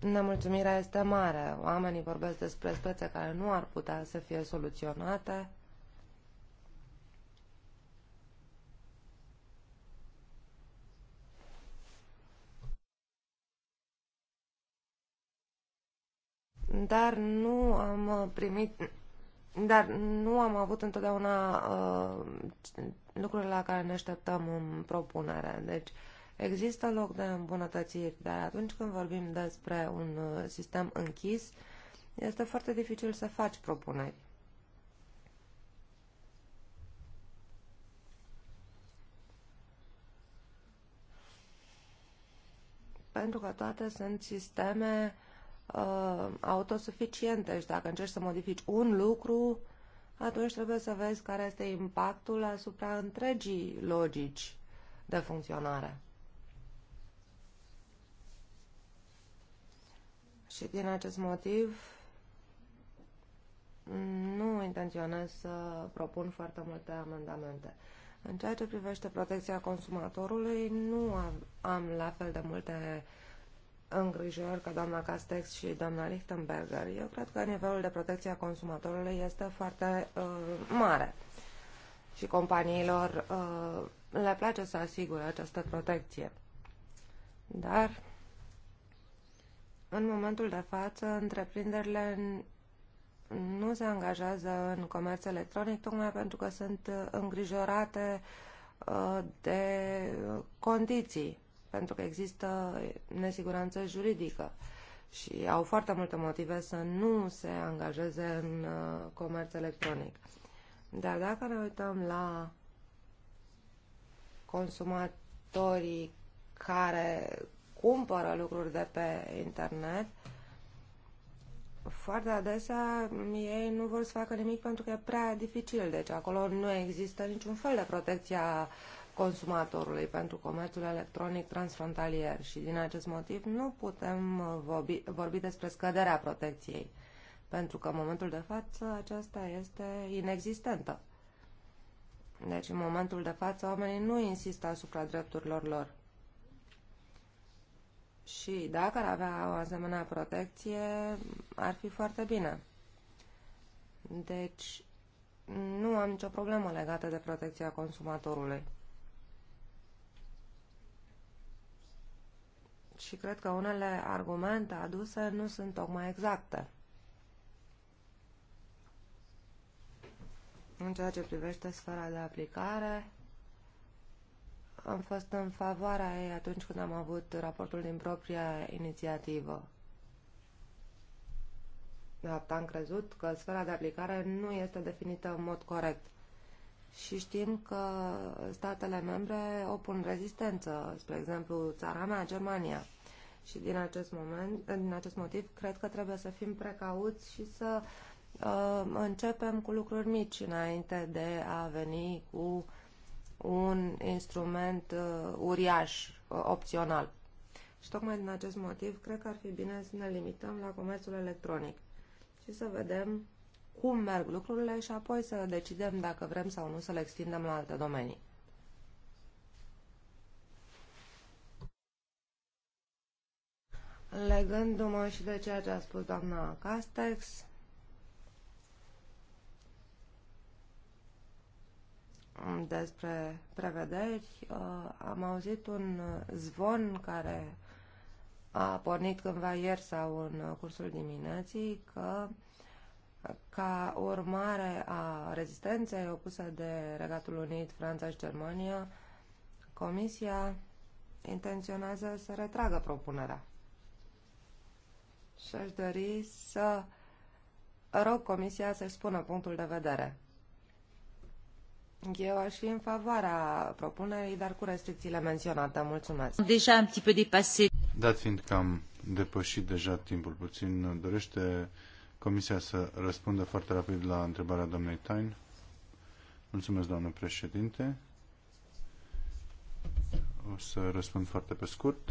nemulțumirea este mare. Oamenii vorbesc despre spețe care nu ar putea să fie soluționate dar nu am uh, primit, dar nu am avut întotdeauna uh, lucrurile la care ne așteptăm în propunere. Deci există loc de îmbunătățiri, dar atunci când vorbim despre un uh, sistem închis, este foarte dificil să faci propuneri. Pentru că toate sunt sisteme uh, uh, autosuficiente și dacă încerci să modifici un lucru, atunci trebuie să vezi care este impactul asupra întregii logici de funcționare. Și din acest motiv nu intenționez să propun foarte multe amendamente. În ceea ce privește protecția consumatorului, nu am, am la fel de multe uh, îngrijorări ca doamna Castex și doamna Lichtenberger. Eu cred că nivelul de protecție a consumatorului este foarte uh, mare și companiilor uh, le place să asigure această protecție. Dar, în momentul de față, întreprinderile nu se angajează în comerț electronic tocmai pentru că sunt uh, îngrijorate uh, de condiții pentru că există nesiguranță juridică și au foarte multe motive să nu se angajeze în uh, comerț electronic. Dar dacă ne uităm la consumatorii care cumpără lucruri de pe internet, foarte adesea ei nu vor să facă nimic pentru că e prea dificil. Deci acolo nu există niciun fel de protecție a uh, consumatorului pentru comerțul electronic transfrontalier și din acest motiv nu putem uh, vorbi, vorbi despre scăderea protecției, pentru că în momentul de față aceasta este inexistentă. Deci în momentul de față oamenii nu insistă asupra drepturilor lor. Și dacă ar avea o asemenea protecție, ar fi foarte bine. Deci, nu am nicio problemă legată de protecția consumatorului. și cred că unele argumente aduse nu sunt tocmai exacte. În ceea ce privește sfera de aplicare, am fost în favoarea ei atunci când am avut raportul din propria inițiativă. De fapt, am crezut că sfera de aplicare nu este definită în mod corect și știm că statele membre opun rezistență, spre exemplu țara mea, Germania. Și din acest, moment, din acest motiv cred că trebuie să fim precauți și să uh, începem cu lucruri mici înainte de a veni cu un instrument uh, uriaș, uh, opțional. Și tocmai din acest motiv cred că ar fi bine să ne limităm la comerțul electronic și să vedem cum merg lucrurile și apoi să decidem dacă vrem sau nu să le extindem la alte domenii. Legându-mă și de ceea ce a spus doamna Castex, despre prevederi, uh, am auzit un zvon care a pornit cândva ieri sau în cursul dimineții că ca urmare a rezistenței opuse de Regatul Unit, Franța și Germania, Comisia intenționează să retragă propunerea. Și aș dori să rog Comisia să-și spună punctul de vedere. Eu aș fi în favoarea propunerii, dar cu restricțiile menționate. Mulțumesc. Deja am petit peu depasé. Dat fiind că am depășit deja timpul puțin, dorește Comisia să răspundă foarte rapid la întrebarea doamnei Tain. Mulțumesc, doamnă președinte. O să răspund foarte pe scurt.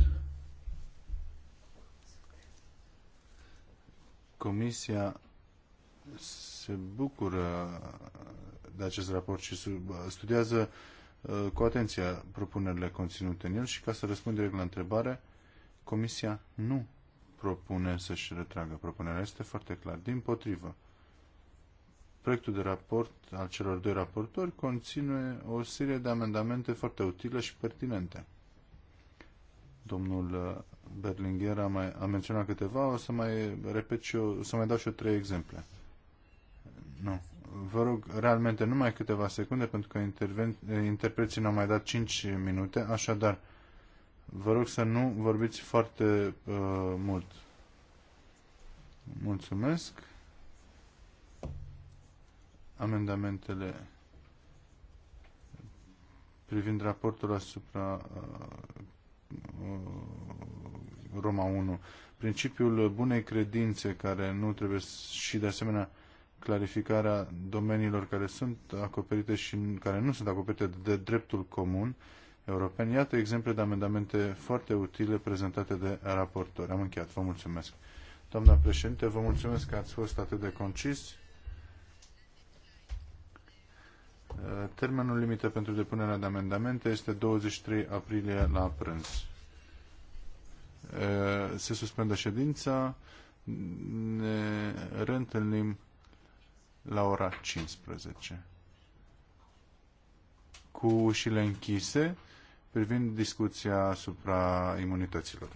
Comisia se bucură de acest raport și studiază uh, cu atenție propunerile conținute în el și ca să răspund direct la întrebare, Comisia nu propune să-și retragă propunerea. Este foarte clar. Din potrivă, proiectul de raport al celor doi raportori conține o serie de amendamente foarte utile și pertinente. Domnul uh, Berlinger a, mai, a menționat câteva, o să mai repet și eu, o să mai dau și eu trei exemple. Nu. Vă rog, realmente numai câteva secunde, pentru că eh, interpreții ne-au mai dat 5 minute, așadar Vă rog să nu vorbiți foarte uh, mult. Mulțumesc. Amendamentele privind raportul asupra uh, uh Roma 1. Principiul bunei credințe care nu trebuie și de asemenea clarificarea domeniilor care sunt acoperite și care nu sunt acoperite de dreptul comun uh, europeni. Iată exemple de amendamente foarte utile prezentate de raportori. Am încheiat. Vă mulțumesc. Doamna președinte, vă mulțumesc că ați fost atât de concis. Termenul limită pentru depunerea de amendamente este 23 aprilie la prânz. Se suspendă ședința. Ne reîntâlnim la ora 15 cu ușile închise privind discuția asupra imunităților.